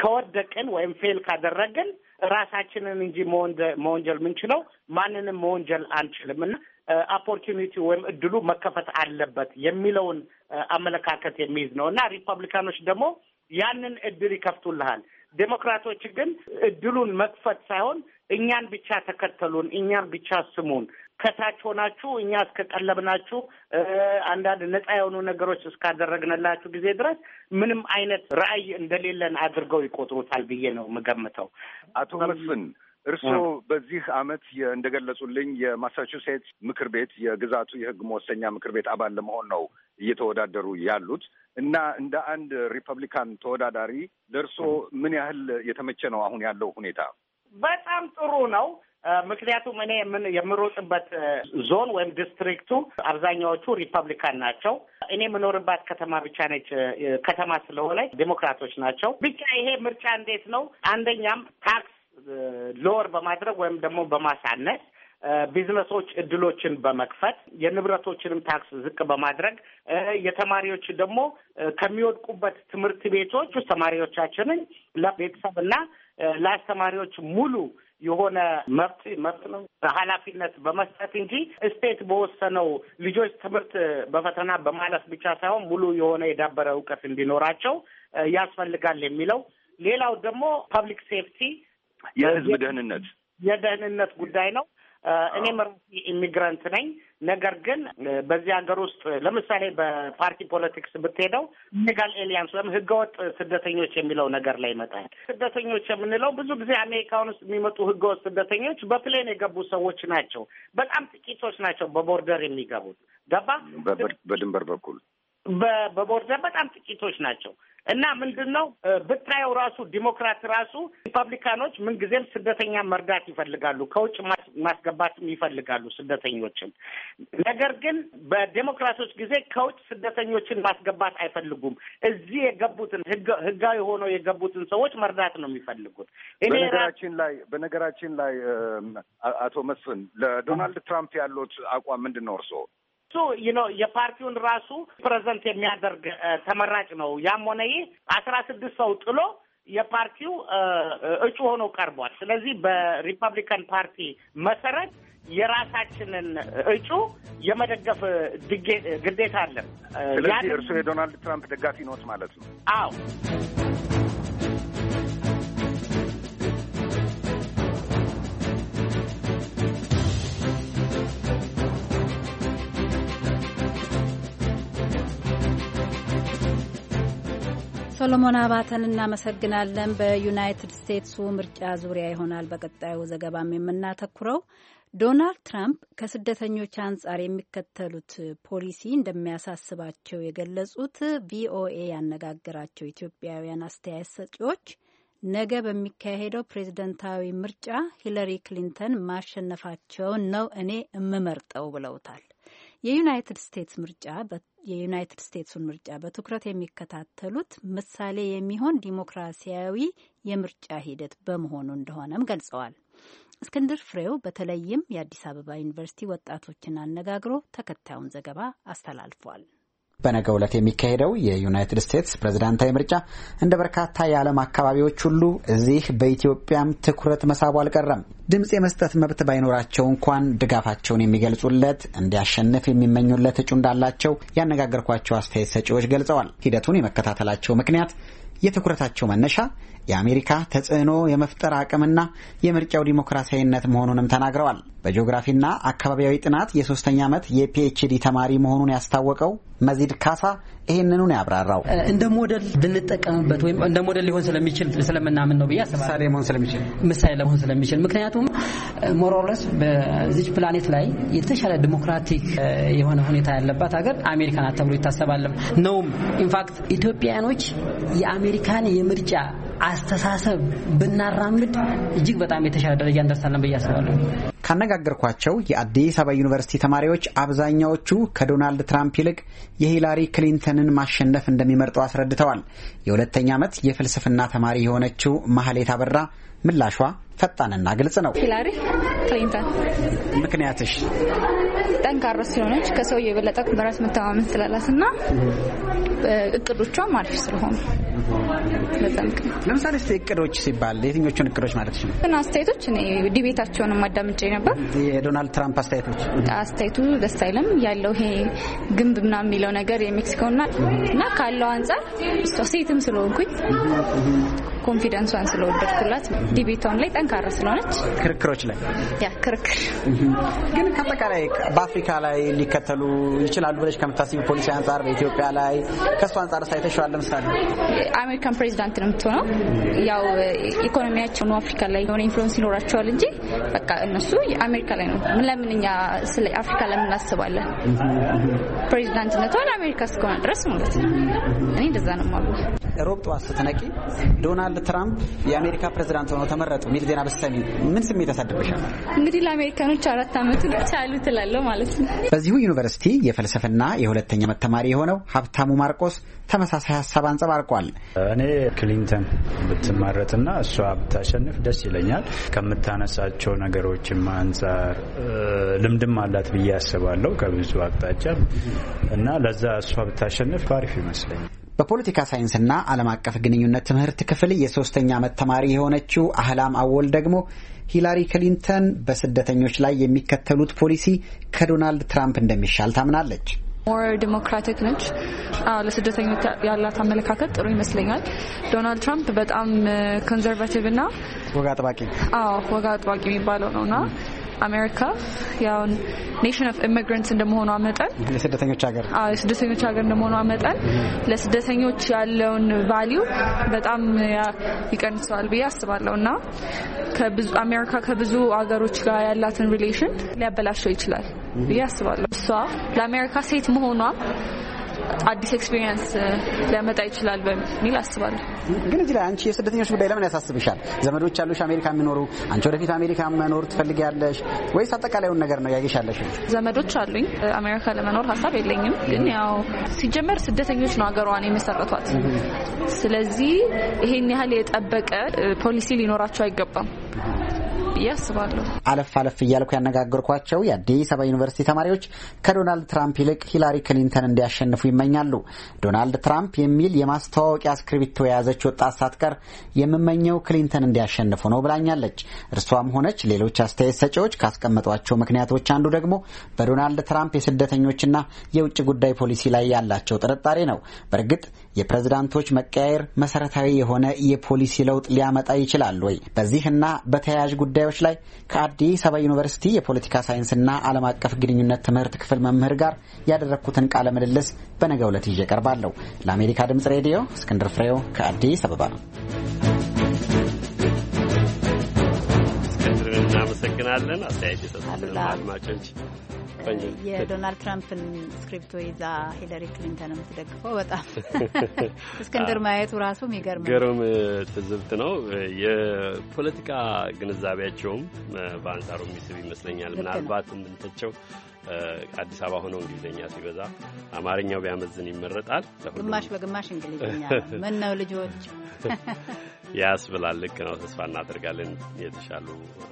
ከወደቅን ወይም ፌል ካደረግን ራሳችንን እንጂ መወንጀል የምንችለው ማንንም መወንጀል አንችልም እና ኦፖርቹኒቲ ወይም እድሉ መከፈት አለበት የሚለውን አመለካከት የሚይዝ ነው እና ሪፐብሊካኖች ደግሞ ያንን እድል ይከፍቱልሃል። ዴሞክራቶች ግን እድሉን መክፈት ሳይሆን እኛን ብቻ ተከተሉን፣ እኛን ብቻ ስሙን፣ ከታች ሆናችሁ እኛ እስከቀለብናችሁ አንዳንድ ነፃ የሆኑ ነገሮች እስካደረግንላችሁ ጊዜ ድረስ ምንም አይነት ራዕይ እንደሌለን አድርገው ይቆጥሩታል ብዬ ነው የምገምተው። አቶ መስፍን እርስዎ በዚህ አመት እንደገለጹልኝ የማሳቹሴትስ ምክር ቤት የግዛቱ የህግ መወሰኛ ምክር ቤት አባል ለመሆን ነው እየተወዳደሩ ያሉት እና እንደ አንድ ሪፐብሊካን ተወዳዳሪ ለእርስዎ ምን ያህል የተመቸ ነው አሁን ያለው ሁኔታ? በጣም ጥሩ ነው። ምክንያቱም እኔ ምን የምሮጥበት ዞን ወይም ዲስትሪክቱ አብዛኛዎቹ ሪፐብሊካን ናቸው። እኔ የምኖርባት ከተማ ብቻ ነች ከተማ ስለሆነ ዴሞክራቶች ናቸው። ብቻ ይሄ ምርጫ እንዴት ነው? አንደኛም ታክስ ሎወር በማድረግ ወይም ደግሞ በማሳነስ ቢዝነሶች እድሎችን በመክፈት የንብረቶችንም ታክስ ዝቅ በማድረግ የተማሪዎች ደግሞ ከሚወድቁበት ትምህርት ቤቶች ውስጥ ተማሪዎቻችንን ለቤተሰብና ለአስተማሪዎች ሙሉ የሆነ መብት መብት ነው ኃላፊነት በመስጠት እንጂ ስቴት በወሰነው ልጆች ትምህርት በፈተና በማለፍ ብቻ ሳይሆን ሙሉ የሆነ የዳበረ እውቀት እንዲኖራቸው ያስፈልጋል የሚለው ሌላው ደግሞ ፐብሊክ ሴፍቲ የህዝብ ደህንነት የደህንነት ጉዳይ ነው። እኔም ኢሚግራንት ነኝ። ነገር ግን በዚህ ሀገር ውስጥ ለምሳሌ በፓርቲ ፖለቲክስ ብትሄደው ሌጋል ኤሊያንስ ወይም ህገወጥ ስደተኞች የሚለው ነገር ላይ ይመጣል። ስደተኞች የምንለው ብዙ ጊዜ አሜሪካን ውስጥ የሚመጡ ህገወጥ ስደተኞች በፕሌን የገቡ ሰዎች ናቸው። በጣም ጥቂቶች ናቸው በቦርደር የሚገቡት ገባ በድንበር በኩል በቦርደር በጣም ጥቂቶች ናቸው። እና ምንድን ነው ብታየው ራሱ ዲሞክራት ራሱ ሪፐብሊካኖች ምንጊዜም ስደተኛ መርዳት ይፈልጋሉ፣ ከውጭ ማስገባትም ይፈልጋሉ ስደተኞችን። ነገር ግን በዴሞክራቶች ጊዜ ከውጭ ስደተኞችን ማስገባት አይፈልጉም። እዚህ የገቡትን ህጋዊ ሆነው የገቡትን ሰዎች መርዳት ነው የሚፈልጉት። በነገራችን ላይ በነገራችን ላይ አቶ መስፍን ለዶናልድ ትራምፕ ያሉት አቋም ምንድን ነው እርስዎ? እሱ የፓርቲውን ራሱ ፕሬዘንት የሚያደርግ ተመራጭ ነው። ያም ሆነ ይህ አስራ ስድስት ሰው ጥሎ የፓርቲው እጩ ሆኖ ቀርቧል። ስለዚህ በሪፐብሊካን ፓርቲ መሰረት የራሳችንን እጩ የመደገፍ ግዴታ አለን። ስለዚህ እርስዎ የዶናልድ ትራምፕ ደጋፊ ኖት ማለት ነው? አዎ። ሰሎሞን አባተን እናመሰግናለን። በዩናይትድ ስቴትሱ ምርጫ ዙሪያ ይሆናል በቀጣዩ ዘገባም የምናተኩረው። ዶናልድ ትራምፕ ከስደተኞች አንጻር የሚከተሉት ፖሊሲ እንደሚያሳስባቸው የገለጹት ቪኦኤ ያነጋገራቸው ኢትዮጵያውያን አስተያየት ሰጪዎች ነገ በሚካሄደው ፕሬዝደንታዊ ምርጫ ሂለሪ ክሊንተን ማሸነፋቸውን ነው እኔ እምመርጠው ብለውታል። የዩናይትድ ስቴትስ ምርጫ የዩናይትድ ስቴትሱን ምርጫ በትኩረት የሚከታተሉት ምሳሌ የሚሆን ዲሞክራሲያዊ የምርጫ ሂደት በመሆኑ እንደሆነም ገልጸዋል። እስክንድር ፍሬው በተለይም የአዲስ አበባ ዩኒቨርሲቲ ወጣቶችን አነጋግሮ ተከታዩን ዘገባ አስተላልፏል። በነገ ዕለት የሚካሄደው የዩናይትድ ስቴትስ ፕሬዝዳንታዊ ምርጫ እንደ በርካታ የዓለም አካባቢዎች ሁሉ እዚህ በኢትዮጵያም ትኩረት መሳቡ አልቀረም። ድምፅ የመስጠት መብት ባይኖራቸው እንኳን ድጋፋቸውን የሚገልጹለት እንዲያሸንፍ የሚመኙለት እጩ እንዳላቸው ያነጋገርኳቸው አስተያየት ሰጪዎች ገልጸዋል። ሂደቱን የመከታተላቸው ምክንያት የትኩረታቸው መነሻ የአሜሪካ ተጽዕኖ የመፍጠር አቅምና የምርጫው ዲሞክራሲያዊነት መሆኑንም ተናግረዋል። በጂኦግራፊና አካባቢያዊ ጥናት የሶስተኛ ዓመት የፒኤችዲ ተማሪ መሆኑን ያስታወቀው መዚድ ካሳ ይህንኑን ያብራራው እንደ ሞዴል ልንጠቀምበት ወይም እንደ ሞዴል ሊሆን ስለሚችል ስለምናምን ነው ብዬ ምሳሌ መሆን ስለሚችል ምሳሌ ለመሆን ስለሚችል ምክንያቱም ሞሮለስ በዚች ፕላኔት ላይ የተሻለ ዲሞክራቲክ የሆነ ሁኔታ ያለባት ሀገር አሜሪካ ናት ተብሎ ይታሰባለም ነውም ኢንፋክት ኢትዮጵያኖች የአሜሪካን የምርጫ አስተሳሰብ ብናራምድ እጅግ በጣም የተሻለ ደረጃ እንደርሳለን ብዬ አስባለሁ። ካነጋገርኳቸው የአዲስ አበባ ዩኒቨርሲቲ ተማሪዎች አብዛኛዎቹ ከዶናልድ ትራምፕ ይልቅ የሂላሪ ክሊንተንን ማሸነፍ እንደሚመርጡ አስረድተዋል። የሁለተኛ ዓመት የፍልስፍና ተማሪ የሆነችው ማህሌት አበራ ምላሿ ፈጣንና ግልጽ ነው። ሂላሪ ክሊንተን ምክንያትሽ ጠንካራ ስለሆነች ከሰው የበለጠ በራስ መተማመን ስላላትና እቅዶቿም አሪፍ ስለሆኑ ለምሳሌ ስ እቅዶች ሲባል የትኞቹን እቅዶች ማለት ነው? ግን አስተያየቶች እኔ ዲቤታቸውንም አዳምጬ ነበር። የዶናልድ ትራምፕ አስተያየቶች አስተያየቱ ደስ አይልም ያለው ይሄ ግንብ ምናምን የሚለው ነገር ና እና ካለው አንጻር እሷ ሴትም ስለሆንኩኝ ኮንፊደንሷን ስለወደድኩላት ዲቤቷን ላይ ጠንካራ ስለሆነች ክርክሮች ላይ ያ ክርክር ግን ከአጠቃላይ በአፍሪካ ላይ ሊከተሉ ይችላሉ ብለሽ ከምታስቢ ፖሊሲ አንጻር በኢትዮጵያ ላይ ከእሱ አንጻር ሳይተሸዋል። ለምሳሌ አሜሪካን ፕሬዚዳንት ነው የምትሆነው። ያው ነው አፍሪካ ላይ የሆነ ኢንፍሉዌንስ ይኖራቸዋል እንጂ በቃ እነሱ አሜሪካ ላይ ነው። ለምን እኛ ስለ አፍሪካ ለምን እናስባለን? ፕሬዚዳንትነቷን አሜሪካ እስከሆነ ድረስ ማለት ነው። እኔ እንደዛ ነው የማውቀው። ሮብ ጠዋት ስትነቂ ዶናልድ ትራምፕ የአሜሪካ ፕሬዚዳንት ሆነው ተመረጡ የሚል ዜና ብሰሚ ምን ስሜት ያሳድርብሻል? እንግዲህ ለአሜሪካኖች አራት ዓመቱ ቻሉ ትላለው ማለት ነው። በዚሁ ዩኒቨርሲቲ የፍልስፍና የሁለተኛ ዓመት ተማሪ የሆነው ሀብታሙ ማርቆስ ተመሳሳይ ሀሳብ አንጸባርቋል። እኔ ክሊንተን ብትመረጥና እሷ ብታሸንፍ ደስ ይለኛል። ከምታነሳቸው ነገሮችም አንጻር ልምድም አላት ብዬ አስባለሁ ከብዙ አቅጣጫ እና ለዛ እሷ ብታሸንፍ አሪፍ ይመስለኛል። በፖለቲካ ሳይንስና ዓለም አቀፍ ግንኙነት ትምህርት ክፍል የሶስተኛ ዓመት ተማሪ የሆነችው አህላም አወል ደግሞ ሂላሪ ክሊንተን በስደተኞች ላይ የሚከተሉት ፖሊሲ ከዶናልድ ትራምፕ እንደሚሻል ታምናለች። ሞር ዲሞክራቲክ ነች። ለስደተኞች ያላት አመለካከት ጥሩ ይመስለኛል። ዶናልድ ትራምፕ በጣም ኮንዘርቫቲቭ uh, እና ወግ አጥባቂ ወግ አጥባቂ የሚባለው ነው እና አሜሪካ ያው ኔሽን ኦፍ ኢሚግራንትስ እንደመሆኗ መጠን የስደተኞች ሀገር አዎ የስደተኞች ሀገር እንደመሆኗ መጠን ለስደተኞች ያለውን ቫሊዩ በጣም ይቀንሰዋል ብዬ አስባለሁ እና ከብዙ አሜሪካ ከብዙ ሀገሮች ጋር ያላትን ሪሌሽን ሊያበላሸው ይችላል ብዬ አስባለሁ። እሷ ለአሜሪካ ሴት መሆኗ አዲስ ኤክስፒሪየንስ uh, ሊያመጣ ይችላል በሚል አስባለሁ። ግን እዚህ ላይ አንቺ የስደተኞች ጉዳይ ለምን ያሳስብሻል? ዘመዶች ያሉሽ አሜሪካ የሚኖሩ አንቺ ወደፊት አሜሪካ መኖር ትፈልጊያለሽ ወይስ አጠቃላይውን ነገር ነው ያየሻለሽ? ዘመዶች አሉኝ። አሜሪካ ለመኖር ሀሳብ የለኝም። ግን ያው ሲጀመር ስደተኞች ነው ሀገሯን የመሰረቷት። ስለዚህ ይሄን ያህል የጠበቀ ፖሊሲ ሊኖራቸው አይገባም። ብዬ አስባለሁ። አለፍ አለፍ እያልኩ ያነጋገርኳቸው የአዲስ አበባ ዩኒቨርሲቲ ተማሪዎች ከዶናልድ ትራምፕ ይልቅ ሂላሪ ክሊንተን እንዲያሸንፉ ይመኛሉ። ዶናልድ ትራምፕ የሚል የማስተዋወቂያ እስክሪብቶ የያዘች ወጣት ሳትቀር የምመኘው ክሊንተን እንዲያሸንፉ ነው ብላኛለች። እርሷም ሆነች ሌሎች አስተያየት ሰጪዎች ካስቀመጧቸው ምክንያቶች አንዱ ደግሞ በዶናልድ ትራምፕ የስደተኞችና የውጭ ጉዳይ ፖሊሲ ላይ ያላቸው ጥርጣሬ ነው። በእርግጥ የፕሬዝዳንቶች መቀያየር መሰረታዊ የሆነ የፖሊሲ ለውጥ ሊያመጣ ይችላል ወይ? በዚህና በተያያዥ ጉዳዮች ላይ ከአዲስ አበባ ዩኒቨርሲቲ የፖለቲካ ሳይንስና ዓለም አቀፍ ግንኙነት ትምህርት ክፍል መምህር ጋር ያደረግኩትን ቃለ ምልልስ በነገው ዕለት ይዤ ቀርባለሁ። ለአሜሪካ ድምጽ ሬዲዮ እስክንድር ፍሬው ከአዲስ አበባ ነው። እናመሰግናለን። አስተያየት የሰጡትን አድማጮች የዶናልድ ትራምፕን ስክሪፕቶ ይዛ ሂለሪ ክሊንተን የምትደግፈው በጣም እስክንድር ማየቱ ራሱ የሚገርም ገርም ትዝብት ነው። የፖለቲካ ግንዛቤያቸውም በአንጻሩ የሚስብ ይመስለኛል። ምናልባት የምንተቸው አዲስ አበባ ሆነው እንግሊዝኛ ሲበዛ አማርኛው ቢያመዝን ይመረጣል። ግማሽ በግማሽ እንግሊዝኛ ምን ነው ልጆች ያስብላል። ልክ ነው። ተስፋ እናደርጋለን የተሻሉ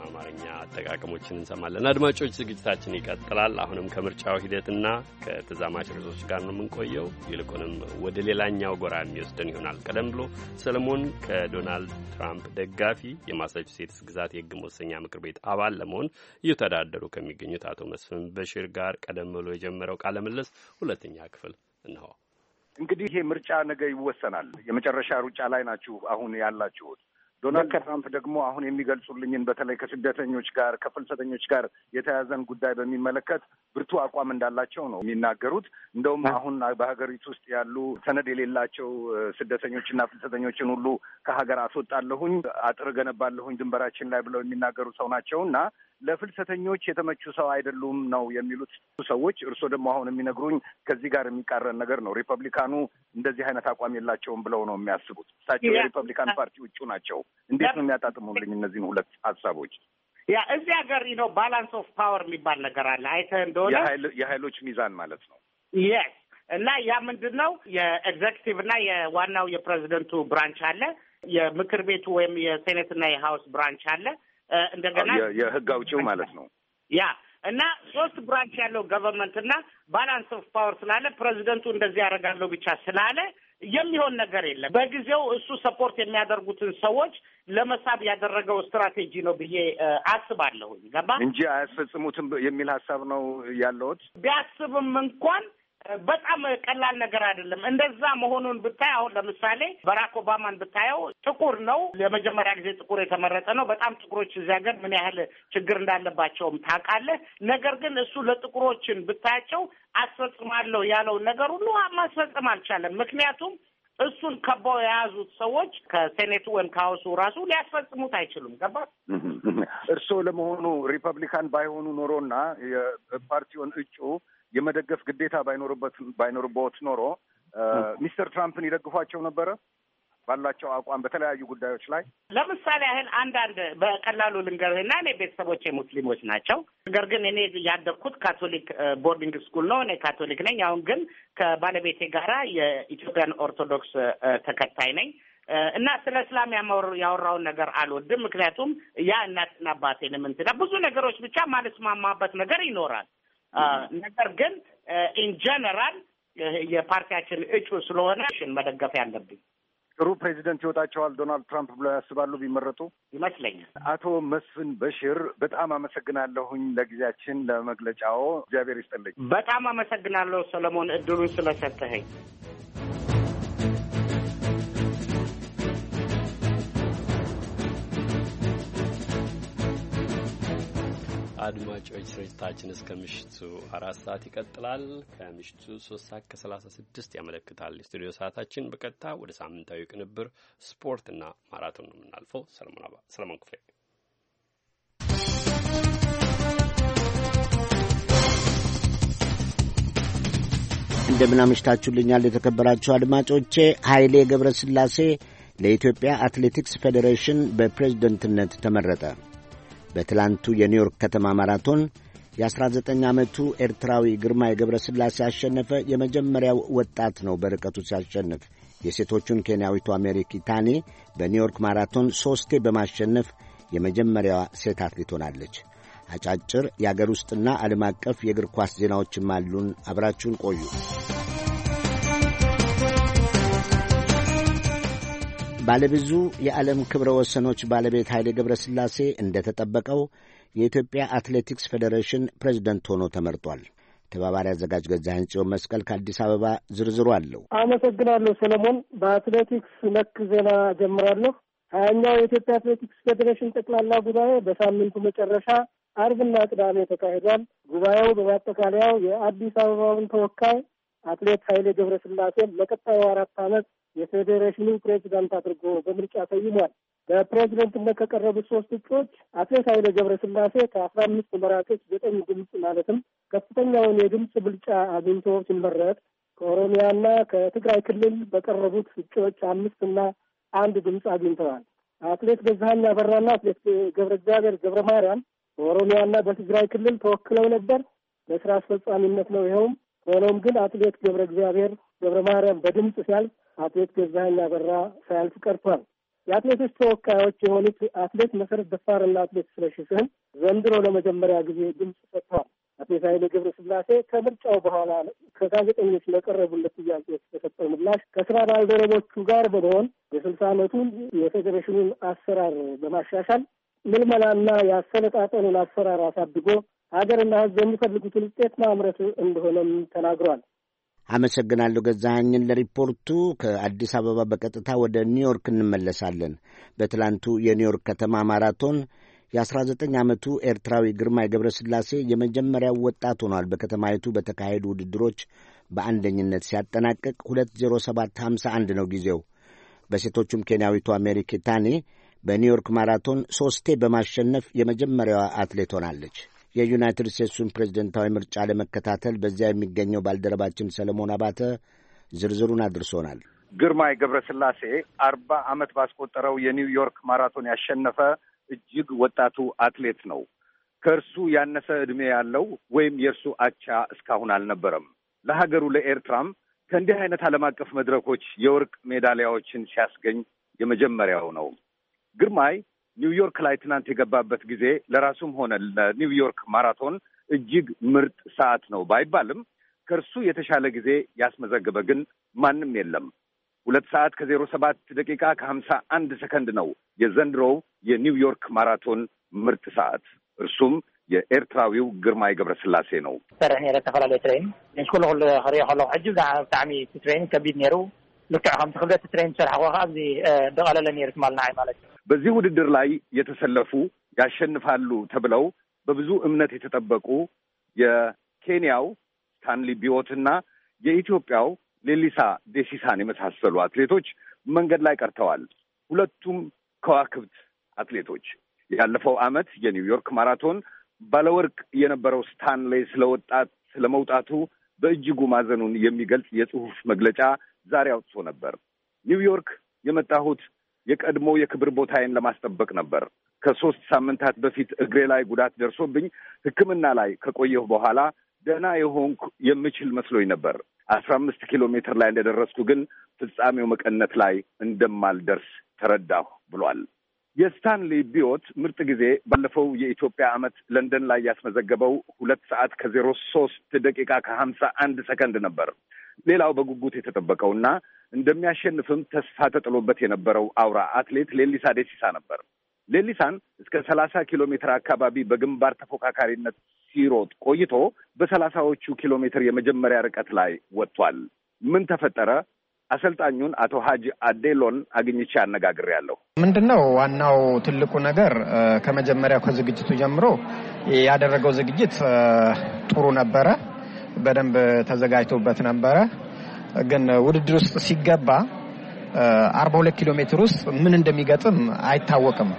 አማርኛ አጠቃቀሞችን እንሰማለን። አድማጮች፣ ዝግጅታችን ይቀጥላል። አሁንም ከምርጫው ሂደትና ከተዛማች ርዕሶች ጋር ነው የምንቆየው። ይልቁንም ወደ ሌላኛው ጎራ የሚወስደን ይሆናል። ቀደም ብሎ ሰለሞን ከዶናልድ ትራምፕ ደጋፊ የማሳቹሴትስ ግዛት የህግ መወሰኛ ምክር ቤት አባል ለመሆን እየተዳደሩ ከሚገኙት አቶ መስፍን በሽር ጋር ቀደም ብሎ የጀመረው ቃለ ምልልስ ሁለተኛ ክፍል እንሆ እንግዲህ ይሄ ምርጫ ነገ ይወሰናል። የመጨረሻ ሩጫ ላይ ናችሁ አሁን ያላችሁት። ዶናልድ ትራምፕ ደግሞ አሁን የሚገልጹልኝን በተለይ ከስደተኞች ጋር ከፍልሰተኞች ጋር የተያዘን ጉዳይ በሚመለከት ብርቱ አቋም እንዳላቸው ነው የሚናገሩት። እንደውም አሁን በሀገሪቱ ውስጥ ያሉ ሰነድ የሌላቸው ስደተኞችና ፍልሰተኞችን ሁሉ ከሀገር አስወጣለሁኝ፣ አጥር ገነባለሁኝ ድንበራችን ላይ ብለው የሚናገሩ ሰው ናቸው እና ለፍልሰተኞች የተመቹ ሰው አይደሉም ነው የሚሉት ሰዎች። እርስዎ ደግሞ አሁን የሚነግሩኝ ከዚህ ጋር የሚቃረን ነገር ነው። ሪፐብሊካኑ እንደዚህ አይነት አቋም የላቸውም ብለው ነው የሚያስቡት። እሳቸው የሪፐብሊካን ፓርቲ ውጩ ናቸው። እንዴት ነው የሚያጣጥሙልኝ እነዚህን ሁለት ሀሳቦች? ያ እዚህ ሀገር ነው ባላንስ ኦፍ ፓወር የሚባል ነገር አለ። አይተ እንደሆነ የሀይሎች ሚዛን ማለት ነው። የስ እና ያ ምንድን ነው የኤግዜክቲቭ እና የዋናው የፕሬዚደንቱ ብራንች አለ። የምክር ቤቱ ወይም የሴኔትና የሀውስ ብራንች አለ። እንደገና የህግ አውጪው ማለት ነው ያ እና ሶስት ብራንች ያለው ገቨርንመንት እና ባላንስ ኦፍ ፓወር ስላለ ፕሬዚደንቱ እንደዚህ ያደርጋለሁ ብቻ ስላለ የሚሆን ነገር የለም። በጊዜው እሱ ሰፖርት የሚያደርጉትን ሰዎች ለመሳብ ያደረገው ስትራቴጂ ነው ብዬ አስባለሁኝ። ገባ እንጂ አያስፈጽሙትም የሚል ሀሳብ ነው ያለሁት። ቢያስብም እንኳን በጣም ቀላል ነገር አይደለም። እንደዛ መሆኑን ብታይ አሁን ለምሳሌ ባራክ ኦባማን ብታየው ጥቁር ነው። ለመጀመሪያ ጊዜ ጥቁር የተመረጠ ነው። በጣም ጥቁሮች እዚህ ሀገር ምን ያህል ችግር እንዳለባቸውም ታውቃለህ። ነገር ግን እሱ ለጥቁሮችን ብታያቸው አስፈጽማለሁ ያለውን ነገር ሁሉ ማስፈጽም አልቻለም። ምክንያቱም እሱን ከባው የያዙት ሰዎች ከሴኔቱ ወይም ከሀውሱ ራሱ ሊያስፈጽሙት አይችሉም። ገባ እርስዎ ለመሆኑ ሪፐብሊካን ባይሆኑ ኖሮና የፓርቲውን እጩ የመደገፍ ግዴታ ባይኖርበት ባይኖርበት ኖሮ ሚስተር ትራምፕን ይደግፏቸው ነበረ ባላቸው አቋም በተለያዩ ጉዳዮች ላይ ለምሳሌ ያህል አንዳንድ በቀላሉ ልንገርህ እና እኔ ቤተሰቦች ሙስሊሞች ናቸው። ነገር ግን እኔ ያደግኩት ካቶሊክ ቦርዲንግ ስኩል ነው። እኔ ካቶሊክ ነኝ። አሁን ግን ከባለቤቴ ጋራ የኢትዮጵያን ኦርቶዶክስ ተከታይ ነኝ እና ስለ እስላም ያወራውን ነገር አልወድም። ምክንያቱም ያ እናትና አባቴንም እንትና ብዙ ነገሮች ብቻ ማለስማማበት ነገር ይኖራል። ነገር ግን ኢንጀነራል የፓርቲያችን እጩ ስለሆነ ሽን መደገፍ ያለብኝ ጥሩ ፕሬዚደንት ይወጣቸዋል ዶናልድ ትራምፕ ብለው ያስባሉ ቢመረጡ ይመስለኛል። አቶ መስፍን በሽር በጣም አመሰግናለሁኝ ለጊዜያችን ለመግለጫው፣ እግዚአብሔር ይስጥልኝ። በጣም አመሰግናለሁ ሰለሞን፣ እድሉን ስለሰጠኸኝ። አድማጮች ስርጭታችን እስከ ምሽቱ አራት ሰዓት ይቀጥላል። ከምሽቱ ሶስት ሰዓት ከሰላሳ ስድስት ያመለክታል የስቱዲዮ ሰዓታችን። በቀጥታ ወደ ሳምንታዊ ቅንብር ስፖርትና ማራቶን ነው የምናልፈው። ሰለሞን ክፍሌ እንደምናመሽታችሁልኛል የተከበራችሁ አድማጮቼ። ኃይሌ ገብረ ስላሴ ለኢትዮጵያ አትሌቲክስ ፌዴሬሽን በፕሬዝደንትነት ተመረጠ። በትላንቱ የኒውዮርክ ከተማ ማራቶን የ19 ዓመቱ ኤርትራዊ ግርማይ ገብረ ሥላሴ አሸነፈ። የመጀመሪያው ወጣት ነው በርቀቱ ሲያሸንፍ። የሴቶቹን ኬንያዊቱ አሜሪክ ኢታኔ በኒውዮርክ ማራቶን ሦስቴ በማሸነፍ የመጀመሪያዋ ሴት አትሌት ሆናለች። አጫጭር የአገር ውስጥና ዓለም አቀፍ የእግር ኳስ ዜናዎችም አሉን። አብራችሁን ቆዩ። ባለብዙ የዓለም ክብረ ወሰኖች ባለቤት ኃይሌ ገብረ ሥላሴ እንደተጠበቀው የኢትዮጵያ አትሌቲክስ ፌዴሬሽን ፕሬዚደንት ሆኖ ተመርጧል። ተባባሪ አዘጋጅ ገዛኸኝ ጽዮን መስቀል ከአዲስ አበባ ዝርዝሩ አለው። አመሰግናለሁ ሰለሞን። በአትሌቲክስ ነክ ዜና ጀምራለሁ። ሀያኛው የኢትዮጵያ አትሌቲክስ ፌዴሬሽን ጠቅላላ ጉባኤ በሳምንቱ መጨረሻ አርብና ቅዳሜ ተካሂዷል። ጉባኤው በማጠቃለያው የአዲስ አበባውን ተወካይ አትሌት ኃይሌ ገብረስላሴን ለቀጣዩ አራት ዓመት የፌዴሬሽኑ ፕሬዚዳንት አድርጎ በምርጫ ሰይሟል። በፕሬዚደንትነት ከቀረቡት ሶስት እጩዎች አትሌት ኃይለ ገብረስላሴ ከአስራ አምስት መራጮች ዘጠኝ ድምፅ ማለትም ከፍተኛውን የድምፅ ብልጫ አግኝቶ ሲመረጥ ከኦሮሚያና ከትግራይ ክልል በቀረቡት እጩዎች አምስትና አንድ ድምፅ አግኝተዋል። አትሌት ገዛኸኝ አበራና አትሌት ገብረ እግዚአብሔር ገብረ ማርያም በኦሮሚያና በትግራይ ክልል ተወክለው ነበር ለስራ አስፈጻሚነት ነው። ይኸውም ሆኖም ግን አትሌት ገብረ እግዚአብሔር ገብረ ማርያም በድምፅ ሲያልፍ አትሌት ገዛኸኝ አበራ ሳያልፍ ቀርቷል። የአትሌቶች ተወካዮች የሆኑት አትሌት መሰረት ደፋርና አትሌት ስለሺ ስህን ዘንድሮ ለመጀመሪያ ጊዜ ድምፅ ሰጥተዋል። አትሌት ኃይሌ ገብረ ስላሴ ከምርጫው በኋላ ከጋዜጠኞች ለቀረቡለት ጥያቄዎች በሰጠው ምላሽ ከስራ ባልደረቦቹ ጋር በመሆን የስልሳ ዓመቱን የፌዴሬሽኑን አሰራር በማሻሻል ምልመላና የአሰለጣጠኑን አሰራር አሳድጎ ሀገርና ሕዝብ የሚፈልጉትን ውጤት ማምረት እንደሆነም ተናግሯል። አመሰግናለሁ ገዛሃኝን ለሪፖርቱ። ከአዲስ አበባ በቀጥታ ወደ ኒውዮርክ እንመለሳለን። በትላንቱ የኒውዮርክ ከተማ ማራቶን የ19 ዓመቱ ኤርትራዊ ግርማይ ገብረ ስላሴ የመጀመሪያው ወጣት ሆኗል። በከተማይቱ በተካሄዱ ውድድሮች በአንደኝነት ሲያጠናቅቅ 20751 ነው ጊዜው። በሴቶቹም ኬንያዊቱ አሜሪ ኪታኔ በኒውዮርክ ማራቶን ሦስቴ በማሸነፍ የመጀመሪያዋ አትሌት ሆናለች። የዩናይትድ ስቴትሱን ፕሬዝደንታዊ ምርጫ ለመከታተል በዚያ የሚገኘው ባልደረባችን ሰለሞን አባተ ዝርዝሩን አድርሶናል። ግርማይ ገብረስላሴ አርባ ዓመት ባስቆጠረው የኒውዮርክ ማራቶን ያሸነፈ እጅግ ወጣቱ አትሌት ነው። ከእርሱ ያነሰ ዕድሜ ያለው ወይም የእርሱ አቻ እስካሁን አልነበረም። ለሀገሩ ለኤርትራም ከእንዲህ አይነት ዓለም አቀፍ መድረኮች የወርቅ ሜዳሊያዎችን ሲያስገኝ የመጀመሪያው ነው። ግርማይ ኒውዮርክ ላይ ትናንት የገባበት ጊዜ ለራሱም ሆነ ለኒውዮርክ ማራቶን እጅግ ምርጥ ሰዓት ነው ባይባልም ከእርሱ የተሻለ ጊዜ ያስመዘገበ ግን ማንም የለም። ሁለት ሰዓት ከዜሮ ሰባት ደቂቃ ከሀምሳ አንድ ሰከንድ ነው የዘንድሮው የኒውዮርክ ማራቶን ምርጥ ሰዓት እርሱም የኤርትራዊው ግርማይ ገብረ ስላሴ ነው። ሰርሕ ነረ ተፈላለዩ ትሬን ምስ ኩሉ ክሪኦ ከለኩ ሕጂ ብጣዕሚ ትሬን ከቢድ ነይሩ ልክዕ ከምቲ ክብደት ትሬን ዝሰርሐ ኮ ኣብዚ ብቀለለ ነይሩ ትማልና ማለት እዩ በዚህ ውድድር ላይ የተሰለፉ ያሸንፋሉ ተብለው በብዙ እምነት የተጠበቁ የኬንያው ስታንሊ ቢዮትና የኢትዮጵያው ሌሊሳ ዴሲሳን የመሳሰሉ አትሌቶች መንገድ ላይ ቀርተዋል። ሁለቱም ከዋክብት አትሌቶች ያለፈው ዓመት የኒውዮርክ ማራቶን ባለወርቅ የነበረው ስታንሌይ ስለወጣት ስለመውጣቱ በእጅጉ ማዘኑን የሚገልጽ የጽሑፍ መግለጫ ዛሬ አውጥቶ ነበር። ኒውዮርክ የመጣሁት የቀድሞ የክብር ቦታዬን ለማስጠበቅ ነበር። ከሶስት ሳምንታት በፊት እግሬ ላይ ጉዳት ደርሶብኝ ሕክምና ላይ ከቆየሁ በኋላ ደህና የሆንኩ የምችል መስሎኝ ነበር። አስራ አምስት ኪሎ ሜትር ላይ እንደደረስኩ ግን ፍጻሜው መቀነት ላይ እንደማልደርስ ተረዳሁ ብሏል። የስታንሊ ቢዮት ምርጥ ጊዜ ባለፈው የኢትዮጵያ ዓመት ለንደን ላይ ያስመዘገበው ሁለት ሰዓት ከዜሮ ሶስት ደቂቃ ከሀምሳ አንድ ሰከንድ ነበር። ሌላው በጉጉት የተጠበቀውና እንደሚያሸንፍም ተስፋ ተጥሎበት የነበረው አውራ አትሌት ሌሊሳ ደሲሳ ነበር። ሌሊሳን እስከ ሰላሳ ኪሎ ሜትር አካባቢ በግንባር ተፎካካሪነት ሲሮጥ ቆይቶ በሰላሳዎቹ ኪሎ ሜትር የመጀመሪያ ርቀት ላይ ወጥቷል። ምን ተፈጠረ? አሰልጣኙን አቶ ሀጅ አዴሎን አግኝቼ አነጋግሬያለሁ። ምንድን ነው ዋናው ትልቁ ነገር? ከመጀመሪያው ከዝግጅቱ ጀምሮ ያደረገው ዝግጅት ጥሩ ነበረ። በደንብ ተዘጋጅቶበት ነበረ። ግን ውድድር ውስጥ ሲገባ 42 ኪሎ ሜትር ውስጥ ምን እንደሚገጥም አይታወቅም።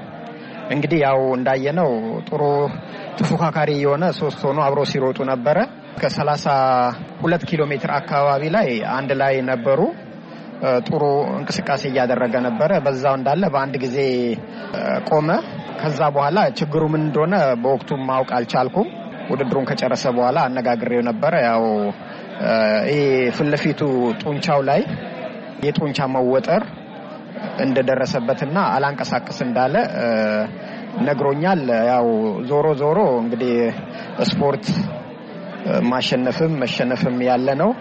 እንግዲህ ያው እንዳየነው ጥሩ ተፎካካሪ የሆነ ሶስት ሆኖ አብሮ ሲሮጡ ነበረ። ከ32 ኪሎ ሜትር አካባቢ ላይ አንድ ላይ ነበሩ። ጥሩ እንቅስቃሴ እያደረገ ነበረ። በዛው እንዳለ በአንድ ጊዜ ቆመ። ከዛ በኋላ ችግሩ ምን እንደሆነ በወቅቱ ማወቅ አልቻልኩም። ውድድሩን ከጨረሰ በኋላ አነጋግሬው ነበረ። ያው ይህ ፊት ለፊቱ ጡንቻው ላይ የጡንቻ መወጠር እንደደረሰበትና አላንቀሳቀስ እንዳለ ነግሮኛል። ያው ዞሮ ዞሮ እንግዲህ ስፖርት ማሸነፍም መሸነፍም ያለ ነው።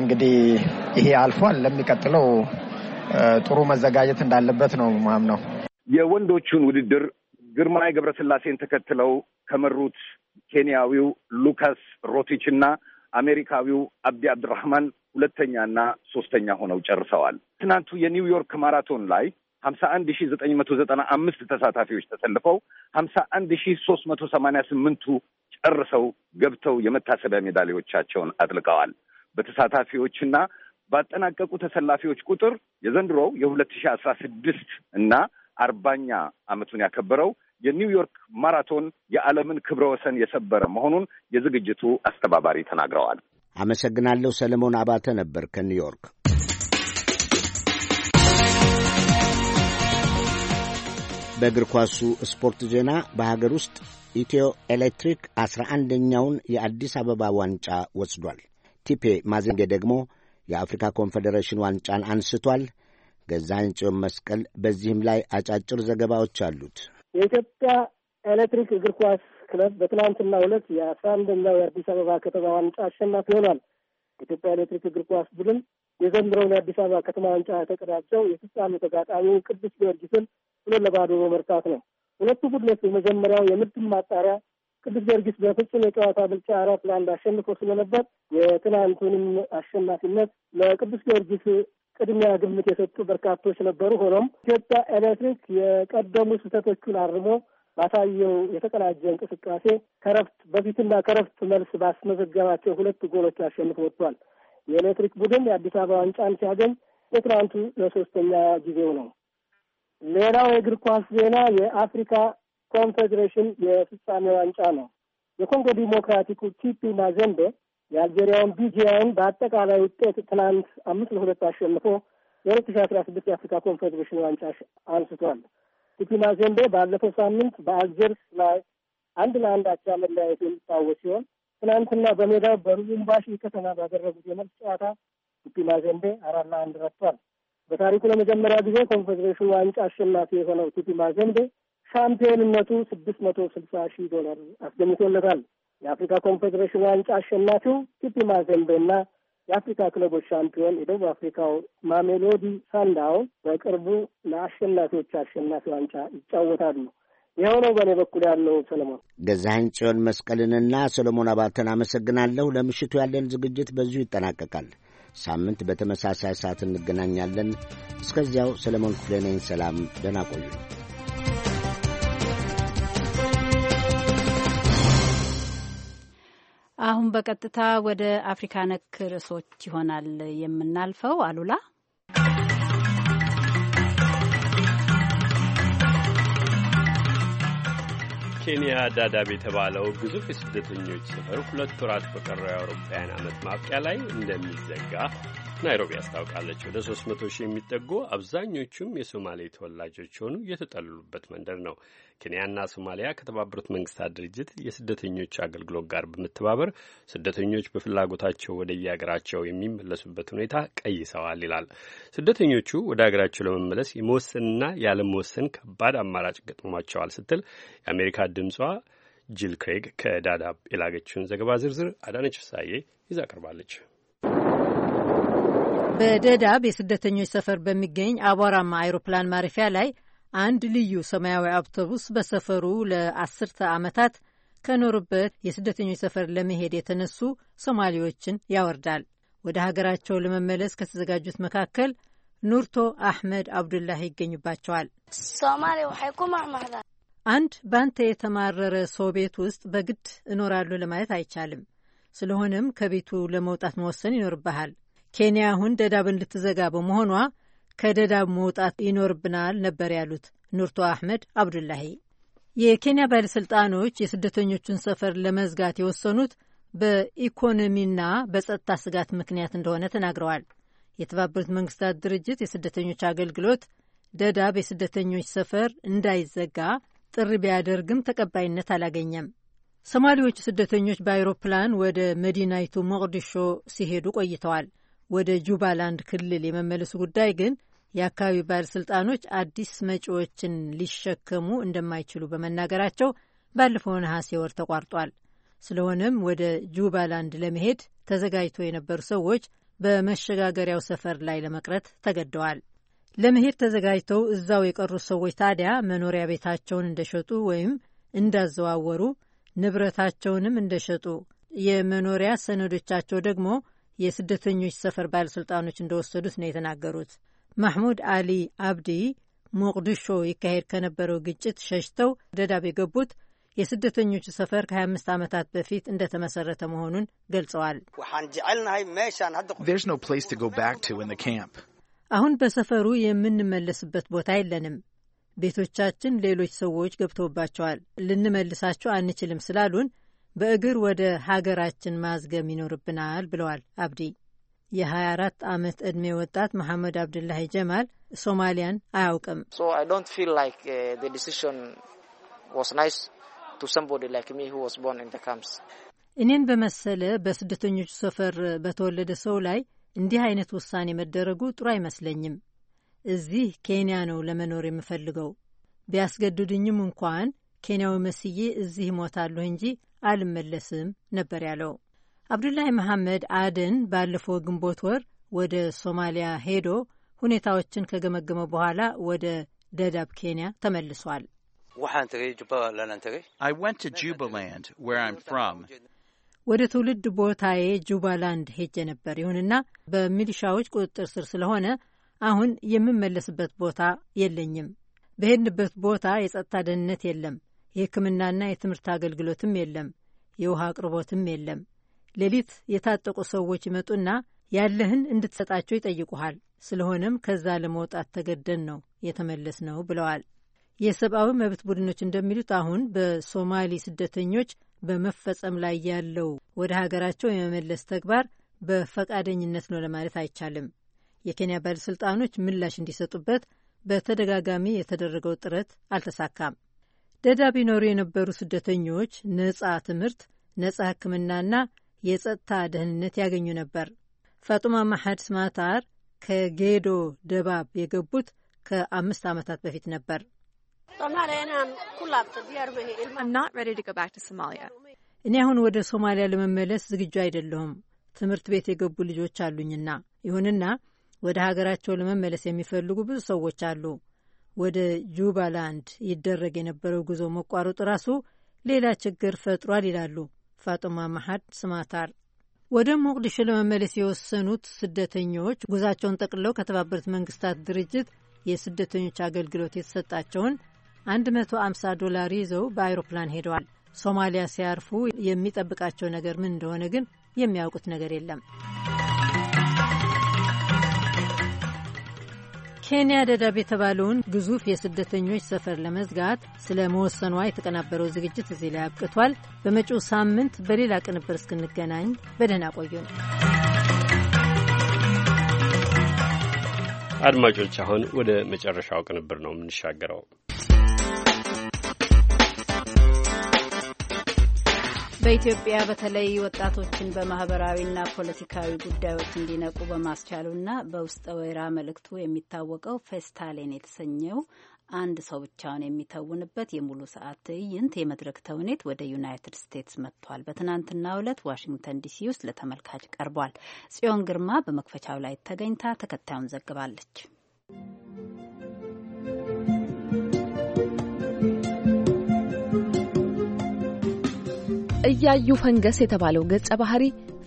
እንግዲህ ይሄ አልፏል። ለሚቀጥለው ጥሩ መዘጋጀት እንዳለበት ነው ማምነው። የወንዶቹን ውድድር ግርማይ ገብረስላሴን ተከትለው ከመሩት ኬንያዊው ሉካስ ሮቲች እና አሜሪካዊው አብዲ አብድራህማን ሁለተኛና ሶስተኛ ሆነው ጨርሰዋል። ትናንቱ የኒውዮርክ ማራቶን ላይ ሀምሳ አንድ ሺ ዘጠኝ መቶ ዘጠና አምስት ተሳታፊዎች ተሰልፈው ሀምሳ አንድ ሺ ሶስት መቶ ሰማኒያ ስምንቱ ጨርሰው ገብተው የመታሰቢያ ሜዳሊያዎቻቸውን አጥልቀዋል። በተሳታፊዎችና ባጠናቀቁ ተሰላፊዎች ቁጥር የዘንድሮው የሁለት ሺ አስራ ስድስት እና አርባኛ ዓመቱን ያከበረው የኒውዮርክ ማራቶን የዓለምን ክብረ ወሰን የሰበረ መሆኑን የዝግጅቱ አስተባባሪ ተናግረዋል። አመሰግናለሁ። ሰለሞን አባተ ነበር ከኒውዮርክ። በእግር ኳሱ ስፖርት ዜና በሀገር ውስጥ ኢትዮ ኤሌክትሪክ አስራ አንደኛውን የአዲስ አበባ ዋንጫ ወስዷል። ቲፔ ማዜንጌ ደግሞ የአፍሪካ ኮንፌዴሬሽን ዋንጫን አንስቷል። ገዛኸኝ ጽዮን መስቀል በዚህም ላይ አጫጭር ዘገባዎች አሉት። የኢትዮጵያ ኤሌክትሪክ እግር ኳስ ክለብ በትናንትና ሁለት የአስራ አንደኛው የአዲስ አበባ ከተማ ዋንጫ አሸናፊ ሆኗል። የኢትዮጵያ ኤሌክትሪክ እግር ኳስ ቡድን የዘንድሮውን የአዲስ አበባ ከተማ ዋንጫ የተቀዳጀው የፍጻሜ ተጋጣሚውን ቅዱስ ጊዮርጊስን ሁለት ለባዶ በመርታት ነው። ሁለቱ ቡድኖች በመጀመሪያው የምድብ ማጣሪያ ቅዱስ ጊዮርጊስ በፍጹም የጨዋታ ብልጫ አራት ለአንድ አሸንፎ ስለነበር የትናንቱንም አሸናፊነት ለቅዱስ ጊዮርጊስ ቅድሚያ ግምት የሰጡ በርካቶች ነበሩ። ሆኖም ኢትዮጵያ ኤሌክትሪክ የቀደሙ ስህተቶቹን አርሞ ባሳየው የተቀናጀ እንቅስቃሴ ከረፍት በፊትና ከረፍት መልስ ባስመዘገባቸው ሁለት ጎሎች አሸንፎ ወጥቷል። የኤሌክትሪክ ቡድን የአዲስ አበባ ዋንጫን ሲያገኝ የትናንቱ ለሶስተኛ ጊዜው ነው። ሌላው የእግር ኳስ ዜና የአፍሪካ ኮንፌዴሬሽን የፍጻሜ ዋንጫ ነው። የኮንጎ ዲሞክራቲኩ ቲፒ ማዜምቤ የአልጄሪያውን ቢጂያን በአጠቃላይ ውጤት ትናንት አምስት ለሁለት አሸንፎ የሁለት ሺ አስራ ስድስት የአፍሪካ ኮንፌዴሬሽን ዋንጫ አንስቷል። ቲፒ ማዜምቤ ባለፈው ሳምንት በአልጀርስ ላይ አንድ ለአንድ አቻ መለያየት የሚታወቅ ሲሆን ትናንትና በሜዳው በሉቡምባሺ ከተማ ባደረጉት የመልስ ጨዋታ ቲፒ ማዜምቤ አራት ለአንድ ረቷል። በታሪኩ ለመጀመሪያ ጊዜ ኮንፌዴሬሽን ዋንጫ አሸናፊ የሆነው ቲፒ ማዜምቤ ሻምፒዮንነቱ ስድስት መቶ ስልሳ ሺህ ዶላር አስገኝቶለታል። የአፍሪካ ኮንፌዴሬሽን ዋንጫ አሸናፊው ቲፒ ማዜምቤና የአፍሪካ ክለቦች ሻምፒዮን የደቡብ አፍሪካው ማሜሎዲ ሳንዳው በቅርቡ ለአሸናፊዎች አሸናፊ ዋንጫ ይጫወታሉ። ይኸው ነው በእኔ በኩል ያለው። ሰለሞን ገዛህን ጽዮን መስቀልንና ሰለሞን አባተን አመሰግናለሁ። ለምሽቱ ያለን ዝግጅት በዚሁ ይጠናቀቃል። ሳምንት በተመሳሳይ ሰዓት እንገናኛለን። እስከዚያው ሰለሞን ክፍሌ ነኝ። ሰላም፣ ደህና ቆዩ። አሁን በቀጥታ ወደ አፍሪካ ነክ ርዕሶች ይሆናል የምናልፈው። አሉላ ኬንያ ዳዳብ የተባለው ግዙፍ የስደተኞች ሰፈር ሁለት ወራት በቀረው የአውሮፓውያን ዓመት ማብቂያ ላይ እንደሚዘጋ ናይሮቢ አስታውቃለች ወደ ሶስት መቶ ሺህ የሚጠጉ አብዛኞቹም የሶማሌ ተወላጆች የሆኑ የተጠለሉበት መንደር ነው። ኬንያና ሶማሊያ ከተባበሩት መንግስታት ድርጅት የስደተኞች አገልግሎት ጋር በመተባበር ስደተኞች በፍላጎታቸው ወደ የሀገራቸው የሚመለሱበት ሁኔታ ቀይሰዋል ይላል። ስደተኞቹ ወደ ሀገራቸው ለመመለስ የመወሰንና ያለመወሰን ከባድ አማራጭ ገጥሟቸዋል ስትል የአሜሪካ ድምጿ ጂል ክሬግ ከዳዳብ የላገችውን ዘገባ ዝርዝር አዳነች ፍሳዬ ይዛ ቀርባለች። በደዳብ የስደተኞች ሰፈር በሚገኝ አቧራማ አይሮፕላን ማረፊያ ላይ አንድ ልዩ ሰማያዊ አውቶቡስ በሰፈሩ ለአስርተ ዓመታት ከኖሩበት የስደተኞች ሰፈር ለመሄድ የተነሱ ሶማሌዎችን ያወርዳል። ወደ ሀገራቸው ለመመለስ ከተዘጋጁት መካከል ኑርቶ አሕመድ አብዱላህ ይገኙባቸዋል። አንድ ባንተ የተማረረ ሰው ቤት ውስጥ በግድ እኖራሉ ለማለት አይቻልም። ስለሆነም ከቤቱ ለመውጣት መወሰን ይኖርብሃል። ኬንያ አሁን ደዳብን ልትዘጋ በመሆኗ ከደዳብ መውጣት ይኖርብናል ነበር ያሉት ኑርቶ አህመድ አብዱላሂ። የኬንያ ባለሥልጣኖች የስደተኞቹን ሰፈር ለመዝጋት የወሰኑት በኢኮኖሚና በጸጥታ ስጋት ምክንያት እንደሆነ ተናግረዋል። የተባበሩት መንግስታት ድርጅት የስደተኞች አገልግሎት ደዳብ የስደተኞች ሰፈር እንዳይዘጋ ጥሪ ቢያደርግም ተቀባይነት አላገኘም። ሶማሌዎቹ ስደተኞች በአይሮፕላን ወደ መዲናይቱ ሞቅዲሾ ሲሄዱ ቆይተዋል። ወደ ጁባላንድ ክልል የመመለሱ ጉዳይ ግን የአካባቢ ባለሥልጣኖች አዲስ መጪዎችን ሊሸከሙ እንደማይችሉ በመናገራቸው ባለፈው ነሐሴ ወር ተቋርጧል። ስለሆነም ወደ ጁባላንድ ለመሄድ ተዘጋጅቶ የነበሩ ሰዎች በመሸጋገሪያው ሰፈር ላይ ለመቅረት ተገደዋል። ለመሄድ ተዘጋጅተው እዛው የቀሩት ሰዎች ታዲያ መኖሪያ ቤታቸውን እንደሸጡ ወይም እንዳዘዋወሩ፣ ንብረታቸውንም እንደሸጡ፣ የመኖሪያ ሰነዶቻቸው ደግሞ የስደተኞች ሰፈር ባለሥልጣኖች እንደወሰዱት ነው የተናገሩት። ማሕሙድ አሊ አብዲ ሞቅዲሾ ይካሄድ ከነበረው ግጭት ሸሽተው ደዳብ የገቡት የስደተኞቹ ሰፈር ከ25 ዓመታት በፊት እንደተመሰረተ መሆኑን ገልጸዋል። አሁን በሰፈሩ የምንመለስበት ቦታ የለንም። ቤቶቻችን ሌሎች ሰዎች ገብተውባቸዋል። ልንመልሳቸው አንችልም ስላሉን በእግር ወደ ሀገራችን ማዝገም ይኖርብናል ብለዋል አብዲ። የ24 ዓመት ዕድሜ ወጣት መሐመድ አብዱላሂ ጀማል ሶማሊያን አያውቅም። uh, እኔን በመሰለ በስደተኞቹ ሰፈር በተወለደ ሰው ላይ እንዲህ አይነት ውሳኔ መደረጉ ጥሩ አይመስለኝም። እዚህ ኬንያ ነው ለመኖር የምፈልገው። ቢያስገድዱኝም እንኳን ኬንያዊ መስዬ እዚህ እሞታለሁ እንጂ አልመለስም ነበር ያለው። አብዱላሂ መሐመድ አደን ባለፈው ግንቦት ወር ወደ ሶማሊያ ሄዶ ሁኔታዎችን ከገመገመ በኋላ ወደ ደዳብ ኬንያ ተመልሷል። ወደ ትውልድ ቦታዬ ጁባላንድ ሄጄ ነበር። ይሁንና በሚሊሻዎች ቁጥጥር ስር ስለሆነ አሁን የምመለስበት ቦታ የለኝም። በሄድንበት ቦታ የጸጥታ ደህንነት የለም። የሕክምናና የትምህርት አገልግሎትም የለም፣ የውሃ አቅርቦትም የለም። ሌሊት የታጠቁ ሰዎች ይመጡና ያለህን እንድትሰጣቸው ይጠይቁሃል። ስለሆነም ከዛ ለመውጣት ተገደን ነው የተመለስ ነው ብለዋል። የሰብአዊ መብት ቡድኖች እንደሚሉት አሁን በሶማሊ ስደተኞች በመፈጸም ላይ ያለው ወደ ሀገራቸው የመመለስ ተግባር በፈቃደኝነት ነው ለማለት አይቻልም። የኬንያ ባለሥልጣኖች ምላሽ እንዲሰጡበት በተደጋጋሚ የተደረገው ጥረት አልተሳካም። ደዳብ ይኖሩ የነበሩ ስደተኞች ነጻ ትምህርት፣ ነጻ ሕክምናና የጸጥታ ደህንነት ያገኙ ነበር። ፋጡማ ማሐድስ ስማታር ከጌዶ ደባብ የገቡት ከአምስት ዓመታት በፊት ነበር። እኔ አሁን ወደ ሶማሊያ ለመመለስ ዝግጁ አይደለሁም፣ ትምህርት ቤት የገቡ ልጆች አሉኝና። ይሁንና ወደ ሀገራቸው ለመመለስ የሚፈልጉ ብዙ ሰዎች አሉ። ወደ ጁባላንድ ይደረግ የነበረው ጉዞ መቋረጡ ራሱ ሌላ ችግር ፈጥሯል ይላሉ ፋጡማ መሐድ ስማታር። ወደ ሞቅዲሾ ለመመለስ የወሰኑት ስደተኞች ጉዛቸውን ጠቅልለው ከተባበሩት መንግስታት ድርጅት የስደተኞች አገልግሎት የተሰጣቸውን 150 ዶላር ይዘው በአይሮፕላን ሄደዋል። ሶማሊያ ሲያርፉ የሚጠብቃቸው ነገር ምን እንደሆነ ግን የሚያውቁት ነገር የለም። ኬንያ ደዳብ የተባለውን ግዙፍ የስደተኞች ሰፈር ለመዝጋት ስለ መወሰኗ የተቀናበረው ዝግጅት እዚህ ላይ አብቅቷል። በመጪው ሳምንት በሌላ ቅንብር እስክንገናኝ በደህና ቆዩ ነው። አድማጮች አሁን ወደ መጨረሻው ቅንብር ነው የምንሻገረው። በኢትዮጵያ በተለይ ወጣቶችን በማህበራዊና ፖለቲካዊ ጉዳዮች እንዲነቁ በማስቻሉና በውስጠ ወይራ መልእክቱ የሚታወቀው ፌስታሌን የተሰኘው አንድ ሰው ብቻውን የሚተውንበት የሙሉ ሰዓት ትዕይንት የመድረክ ተውኔት ወደ ዩናይትድ ስቴትስ መጥቷል። በትናንትናው ዕለት ዋሽንግተን ዲሲ ውስጥ ለተመልካች ቀርቧል። ጽዮን ግርማ በመክፈቻው ላይ ተገኝታ ተከታዩን ዘግባለች። እያዩ ፈንገስ የተባለው ገጸ ባህሪ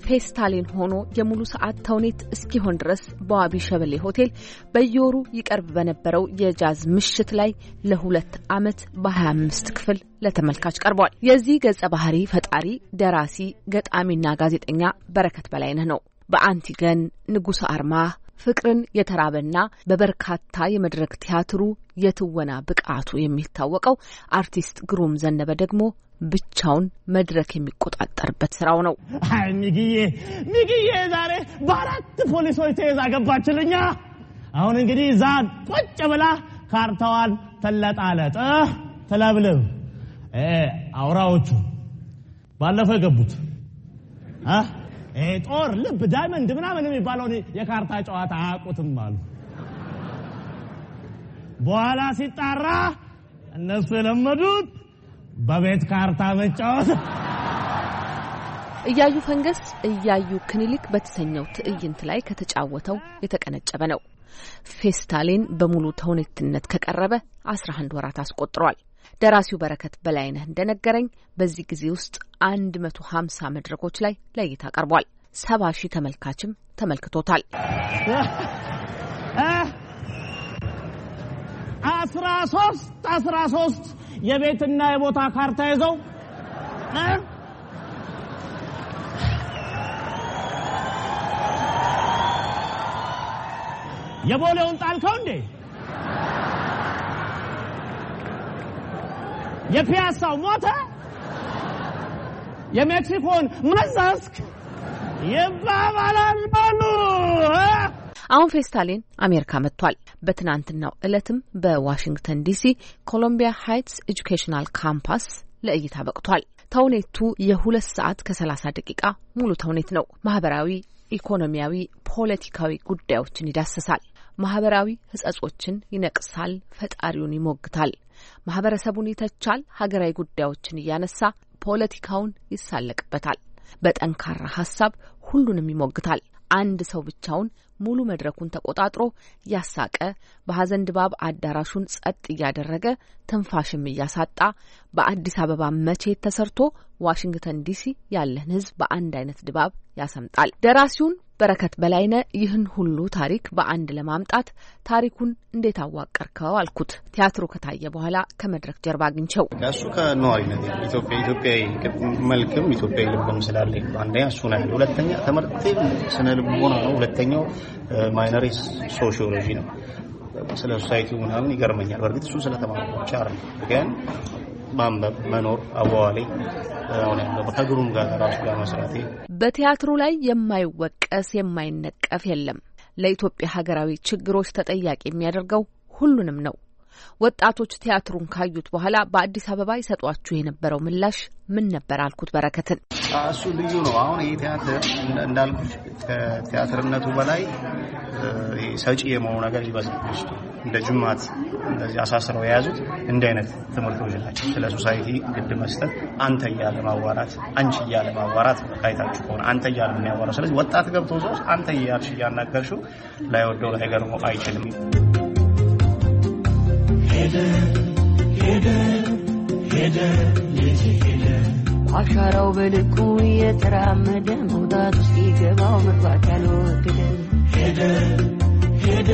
ፌስታሊን ሆኖ የሙሉ ሰዓት ተውኔት እስኪሆን ድረስ በዋቢ ሸበሌ ሆቴል በየወሩ ይቀርብ በነበረው የጃዝ ምሽት ላይ ለሁለት ዓመት በ25 ክፍል ለተመልካች ቀርቧል። የዚህ ገጸ ባህሪ ፈጣሪ ደራሲ፣ ገጣሚና ጋዜጠኛ በረከት በላይነህ ነው። በአንቲገን ንጉሥ አርማ ፍቅርን የተራበና በበርካታ የመድረክ ቲያትሩ የትወና ብቃቱ የሚታወቀው አርቲስት ግሩም ዘነበ ደግሞ ብቻውን መድረክ የሚቆጣጠርበት ስራው ነው። ሚግዬ ሚግዬ ዛሬ በአራት ፖሊሶች ተይዛ ገባችልኛ። አሁን እንግዲህ እዛ ቁጭ ብላ ካርታዋን ትለጣለጥ ትለብልብ። አውራዎቹ ባለፈው የገቡት ጦር፣ ልብ፣ ዳይመንድ ምናምን የሚባለውን የካርታ ጨዋታ አያውቁትም አሉ። በኋላ ሲጣራ እነሱ የለመዱት በቤት ካርታ መጫወት እያዩ ፈንገስ እያዩ ክኒሊክ በተሰኘው ትዕይንት ላይ ከተጫወተው የተቀነጨበ ነው። ፌስታሌን በሙሉ ተውኔትነት ከቀረበ አስራ አንድ ወራት አስቆጥሯል። ደራሲው በረከት በላይነህ እንደነገረኝ በዚህ ጊዜ ውስጥ አንድ መቶ ሀምሳ መድረኮች ላይ ለእይታ ቀርቧል። ሰባ ሺህ ተመልካችም ተመልክቶታል። አስራ ሶስት አስራ ሶስት የቤትና የቦታ ካርታ ይዘው የቦሌውን ጣልከው እንዴ? የፒያሳው ሞተ? የሜክሲኮን መዘዝክ ይባባላሉ። አሁን ፌስታሊን አሜሪካ መጥቷል። በትናንትናው ዕለትም በዋሽንግተን ዲሲ ኮሎምቢያ ሃይትስ ኤጁኬሽናል ካምፓስ ለእይታ በቅቷል። ተውኔቱ የሁለት ሰዓት ከሰላሳ ደቂቃ ሙሉ ተውኔት ነው። ማህበራዊ፣ ኢኮኖሚያዊ፣ ፖለቲካዊ ጉዳዮችን ይዳስሳል። ማህበራዊ ህጸጾችን ይነቅሳል፣ ፈጣሪውን ይሞግታል፣ ማህበረሰቡን ይተቻል፣ ሀገራዊ ጉዳዮችን እያነሳ ፖለቲካውን ይሳለቅበታል። በጠንካራ ሀሳብ ሁሉንም ይሞግታል። አንድ ሰው ብቻውን ሙሉ መድረኩን ተቆጣጥሮ ያሳቀ፣ በሀዘን ድባብ አዳራሹን ጸጥ እያደረገ ትንፋሽም እያሳጣ በአዲስ አበባ መቼት ተሰርቶ ዋሽንግተን ዲሲ ያለን ሕዝብ በአንድ አይነት ድባብ ያሰምጣል። ደራሲውን በረከት በላይነ ይህን ሁሉ ታሪክ በአንድ ለማምጣት ታሪኩን እንዴት አዋቀርከው አልኩት። ቲያትሩ ከታየ በኋላ ከመድረክ ጀርባ አግኝቸው እሱ ከነዋሪነት ኢትዮጵያ ኢትዮጵያዊ መልክም ኢትዮጵያዊ ልብም ስላለ አንደኛ እሱ ነው ሁለተኛ ትምህርቴ ስነ ልቦና ነው። ሁለተኛው ማይነሪ ሶሺዮሎጂ ነው። ስለ ሶሳይቲ ምናምን ይገርመኛል። በእርግጥ እሱ ስለተማርቻ ግን ማንበብ መኖር አዋዋሌ አሁን ከግሩም ጋር ራሱ ጋር መስራቴ በቲያትሩ ላይ የማይወቀስ የማይነቀፍ የለም። ለኢትዮጵያ ሀገራዊ ችግሮች ተጠያቂ የሚያደርገው ሁሉንም ነው። ወጣቶች ቲያትሩን ካዩት በኋላ በአዲስ አበባ ይሰጧችሁ የነበረው ምላሽ ምን ነበር? አልኩት በረከትን። እሱ ልዩ ነው። አሁን ይህ ቲያትር እንዳልኩት ከቲያትርነቱ በላይ ሰጪ የመሆኑ ነገር ይበዛል። እንደ ጅማት እንደዚህ አሳስረው የያዙት እንዲህ አይነት ትምህርቶች ናቸው። ስለ ሶሳይቲ ግድ መስጠት፣ አንተ እያለ ማዋራት፣ አንቺ እያለ ማዋራት ካይታችሁ ከሆነ አንተ እያለ የሚያዋራው ስለዚህ ወጣት ገብቶ ሰው አንተ እያልሽ እያናገርሽው ላይወደው ላይገርመው አይችልም። አሻራው በልኩ እየተራመደ መውጣት ውስጥ ይገባው መግባት ያልወደደ ሄደ ሄደ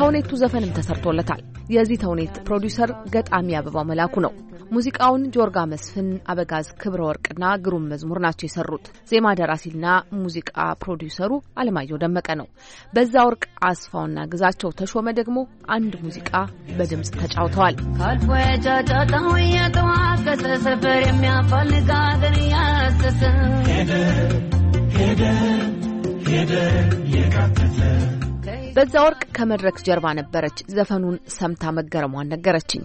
ተውኔቱ ዘፈንም ተሰርቶለታል። የዚህ ተውኔት ፕሮዲውሰር ገጣሚ አበባው መላኩ ነው። ሙዚቃውን ጆርጋ መስፍን፣ አበጋዝ ክብረ ወርቅና ግሩም መዝሙር ናቸው የሰሩት። ዜማ ደራሲና ሙዚቃ ፕሮዲውሰሩ አለማየሁ ደመቀ ነው። በዛ ወርቅ አስፋውና ግዛቸው ተሾመ ደግሞ አንድ ሙዚቃ በድምፅ ተጫውተዋል። ሄደ ሄደ ሄደ በዛ ወርቅ ከመድረክ ጀርባ ነበረች። ዘፈኑን ሰምታ መገረሟን ነገረችኝ።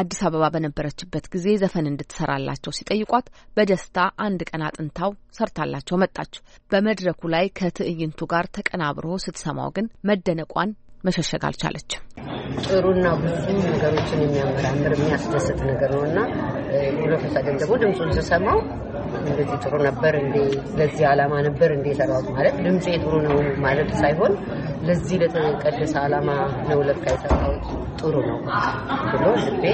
አዲስ አበባ በነበረችበት ጊዜ ዘፈን እንድትሰራላቸው ሲጠይቋት በደስታ አንድ ቀን አጥንታው ሰርታላቸው መጣች። በመድረኩ ላይ ከትዕይንቱ ጋር ተቀናብሮ ስትሰማው ግን መደነቋን መሸሸግ አልቻለችም። ጥሩና ብዙ ነገሮችን የሚያመራምር የሚያስደስት ነገር ነው እና ደግሞ ድምፁን ስሰማው እንደዚህ ጥሩ ነበር እንዴ ለዚህ ዓላማ ነበር እንዴ የሰራሁት ማለት ድምጼ ጥሩ ነው ማለት ሳይሆን ለዚህ ለተቀደሰ ዓላማ ነው ለካ የሰራሁት ጥሩ ነው ብሎ ልቤ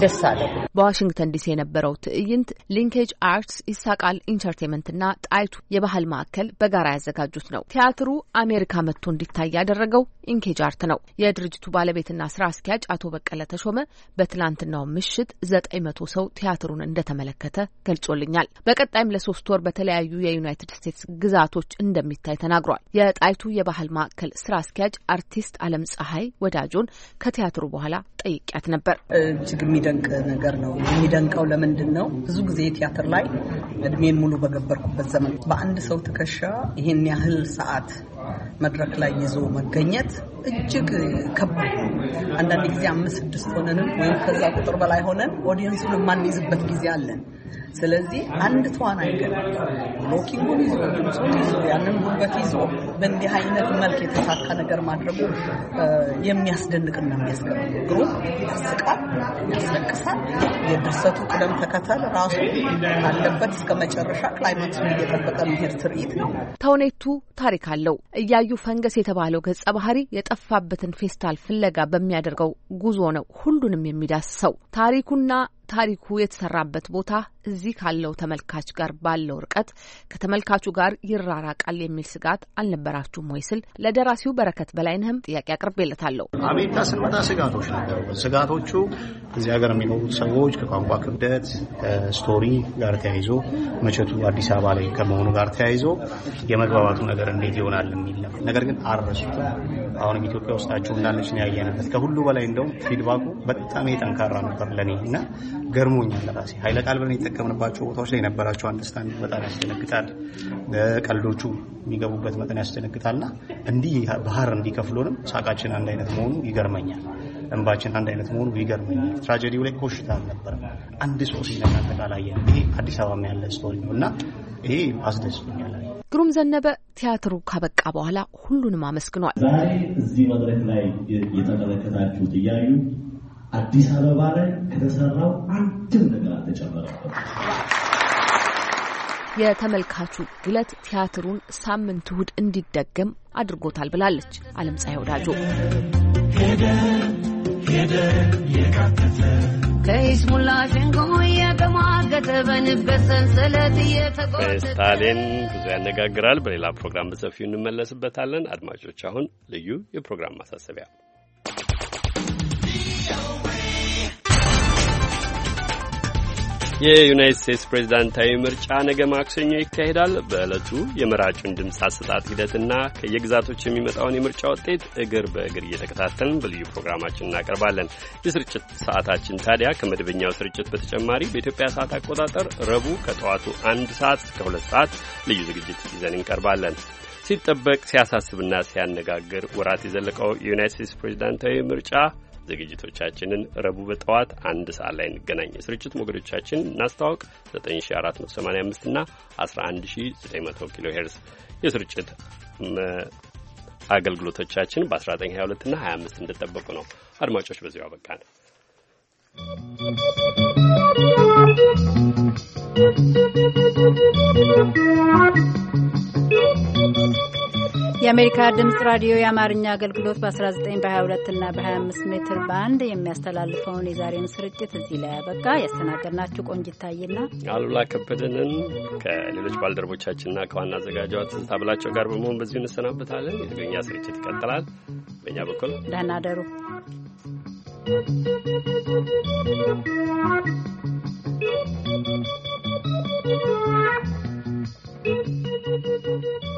ደስ አለ። በዋሽንግተን ዲሲ የነበረው ትዕይንት ሊንኬጅ አርትስ፣ ይሳቃል ኢንተርቴንመንትና ጣይቱ የባህል ማዕከል በጋራ ያዘጋጁት ነው። ቲያትሩ አሜሪካ መጥቶ እንዲታይ ያደረገው ኢንኬጅ አርት ነው። የድርጅቱ ባለቤትና ስራ አስኪያጅ አቶ በቀለ ተሾመ በትላንትናው ምሽት ዘጠኝ መቶ ሰው ቲያትሩን እንደተመለከተ ገልጾልኛል። በቀጣይም ለሶስት ወር በተለያዩ የዩናይትድ ስቴትስ ግዛቶች እንደሚታይ ተናግሯል። የጣይቱ የባህል ማዕከል ስራ አስኪያጅ አርቲስት አለም ፀሐይ ወዳጆን ከቲያትሩ በኋላ ጠይቂያት ነበር። እጅግ የሚደንቅ ነገር ነው። የሚደንቀው ለምንድን ነው? ብዙ ጊዜ ቲያትር ላይ እድሜን ሙሉ በገበርኩበት ዘመን በአንድ ሰው ትከሻ ይሄን ያህል ሰዓት መድረክ ላይ ይዞ መገኘት እጅግ ከባድ ነው። አንዳንድ ጊዜ አምስት ስድስት ሆነንም ወይም ከዛ ቁጥር በላይ ሆነን ኦዲየንሱን የማንይዝበት ጊዜ አለን። ስለዚህ አንድ ተዋናይ ገና ሎኪንጉን ይዞ ድምፁን ይዞ ያንን ጉልበት ይዞ በእንዲህ አይነት መልክ የተሳካ ነገር ማድረጉ የሚያስደንቅና የሚያስገርም ግሩም፣ ያስቃል፣ ያስለቅሳል። የድርሰቱ ቅደም ተከተል ራሱ አለበት እስከ መጨረሻ ክላይማክሱን እየጠበቀ መሄድ ትርኢት ነው። ተውኔቱ ታሪክ አለው። እያዩ ፈንገስ የተባለው ገጸ ባህሪ የጠፋበትን ፌስታል ፍለጋ በሚያደርገው ጉዞ ነው ሁሉንም የሚዳስሰው ታሪኩና ታሪኩ የተሰራበት ቦታ እዚህ ካለው ተመልካች ጋር ባለው ርቀት ከተመልካቹ ጋር ይራራቃል የሚል ስጋት አልነበራችሁም ወይ ስል ለደራሲው በረከት በላይነህም ጥያቄ አቅርቤለታለሁ። አቤታ ስንመጣ ስጋቶች ነበሩ። ስጋቶቹ እዚህ ሀገር የሚኖሩት ሰዎች ከቋንቋ ክብደት ስቶሪ ጋር ተያይዞ መቸቱ አዲስ አበባ ላይ ከመሆኑ ጋር ተያይዞ የመግባባቱ ነገር እንዴት ይሆናል የሚል ነው። ነገር ግን አረሱት። አሁንም ኢትዮጵያ ውስጣችሁ እንዳለች ነው ያየንበት። ከሁሉ በላይ እንደውም ፊድባኩ በጣም የጠንካራ ነበር ለእኔ እና ገርሞኛል ለራሴ። ኃይለ ቃል ብለን የተጠቀምንባቸው ቦታዎች ላይ የነበራቸው አንደርስታንድ በጣም ያስደነግጣል። ቀልዶቹ የሚገቡበት መጠን ያስደነግጣል። ያስደነግጣልና እንዲህ ባህር እንዲከፍሎንም ሳቃችን አንድ አይነት መሆኑ ይገርመኛል። እንባችን አንድ አይነት መሆኑ ይገርመኛል። ትራጀዲው ላይ ኮሽታ አልነበረ። አንድ ሰው ሲነካ አጠቃላይ ይሄ አዲስ አበባ ያለ ስቶሪ ነው እና ይሄ አስደስቶኛል። ግሩም ዘነበ ቲያትሩ ካበቃ በኋላ ሁሉንም አመስግኗል። ዛሬ እዚህ መድረክ ላይ የተመለከታችሁ እያዩ አዲስ አበባ ላይ ከተሰራው አንድም ነገር አልተጨመረበት። የተመልካቹ ግለት ቲያትሩን ሳምንት እሁድ እንዲደገም አድርጎታል ብላለች አለም ፀሐይ ወዳጆ። ስታሊን ብዙ ያነጋግራል። በሌላ ፕሮግራም በሰፊው እንመለስበታለን። አድማጮች፣ አሁን ልዩ የፕሮግራም ማሳሰቢያ የዩናይት ስቴትስ ፕሬዝዳንታዊ ምርጫ ነገ ማክሰኞ ይካሄዳል። በዕለቱ የመራጩን ድምፅ አሰጣጥ ሂደትና ከየግዛቶች የሚመጣውን የምርጫ ውጤት እግር በእግር እየተከታተልን በልዩ ፕሮግራማችን እናቀርባለን። የስርጭት ሰዓታችን ታዲያ ከመደበኛው ስርጭት በተጨማሪ በኢትዮጵያ ሰዓት አቆጣጠር ረቡዕ ከጠዋቱ አንድ ሰዓት እስከ ሁለት ሰዓት ልዩ ዝግጅት ይዘን እንቀርባለን። ሲጠበቅ ሲያሳስብና ሲያነጋግር ወራት የዘለቀው የዩናይት ስቴትስ ፕሬዚዳንታዊ ምርጫ ዝግጅቶቻችንን ረቡዕ በጠዋት አንድ ሰዓት ላይ እንገናኝ። የስርጭት ሞገዶቻችን እናስተዋውቅ 9485 እና 11900 ኪሎ ሄርስ የስርጭት አገልግሎቶቻችን በ1922 እና 25 እንደጠበቁ ነው። አድማጮች በዚሁ አበቃን። Thank you. የአሜሪካ ድምፅ ራዲዮ የአማርኛ አገልግሎት በ19 በ22 እና በ25 ሜትር ባንድ የሚያስተላልፈውን የዛሬን ስርጭት እዚህ ላይ ያበቃ። ያስተናገድናችሁ ቆንጅ ይታይና አሉላ ከበደንን ከሌሎች ባልደረቦቻችንና ከዋና አዘጋጇ ትዝታ ብላቸው ጋር በመሆን በዚሁ እንሰናበታለን። የትግርኛ ስርጭት ይቀጥላል። በእኛ በኩል ደህና ደሩ። Thank you.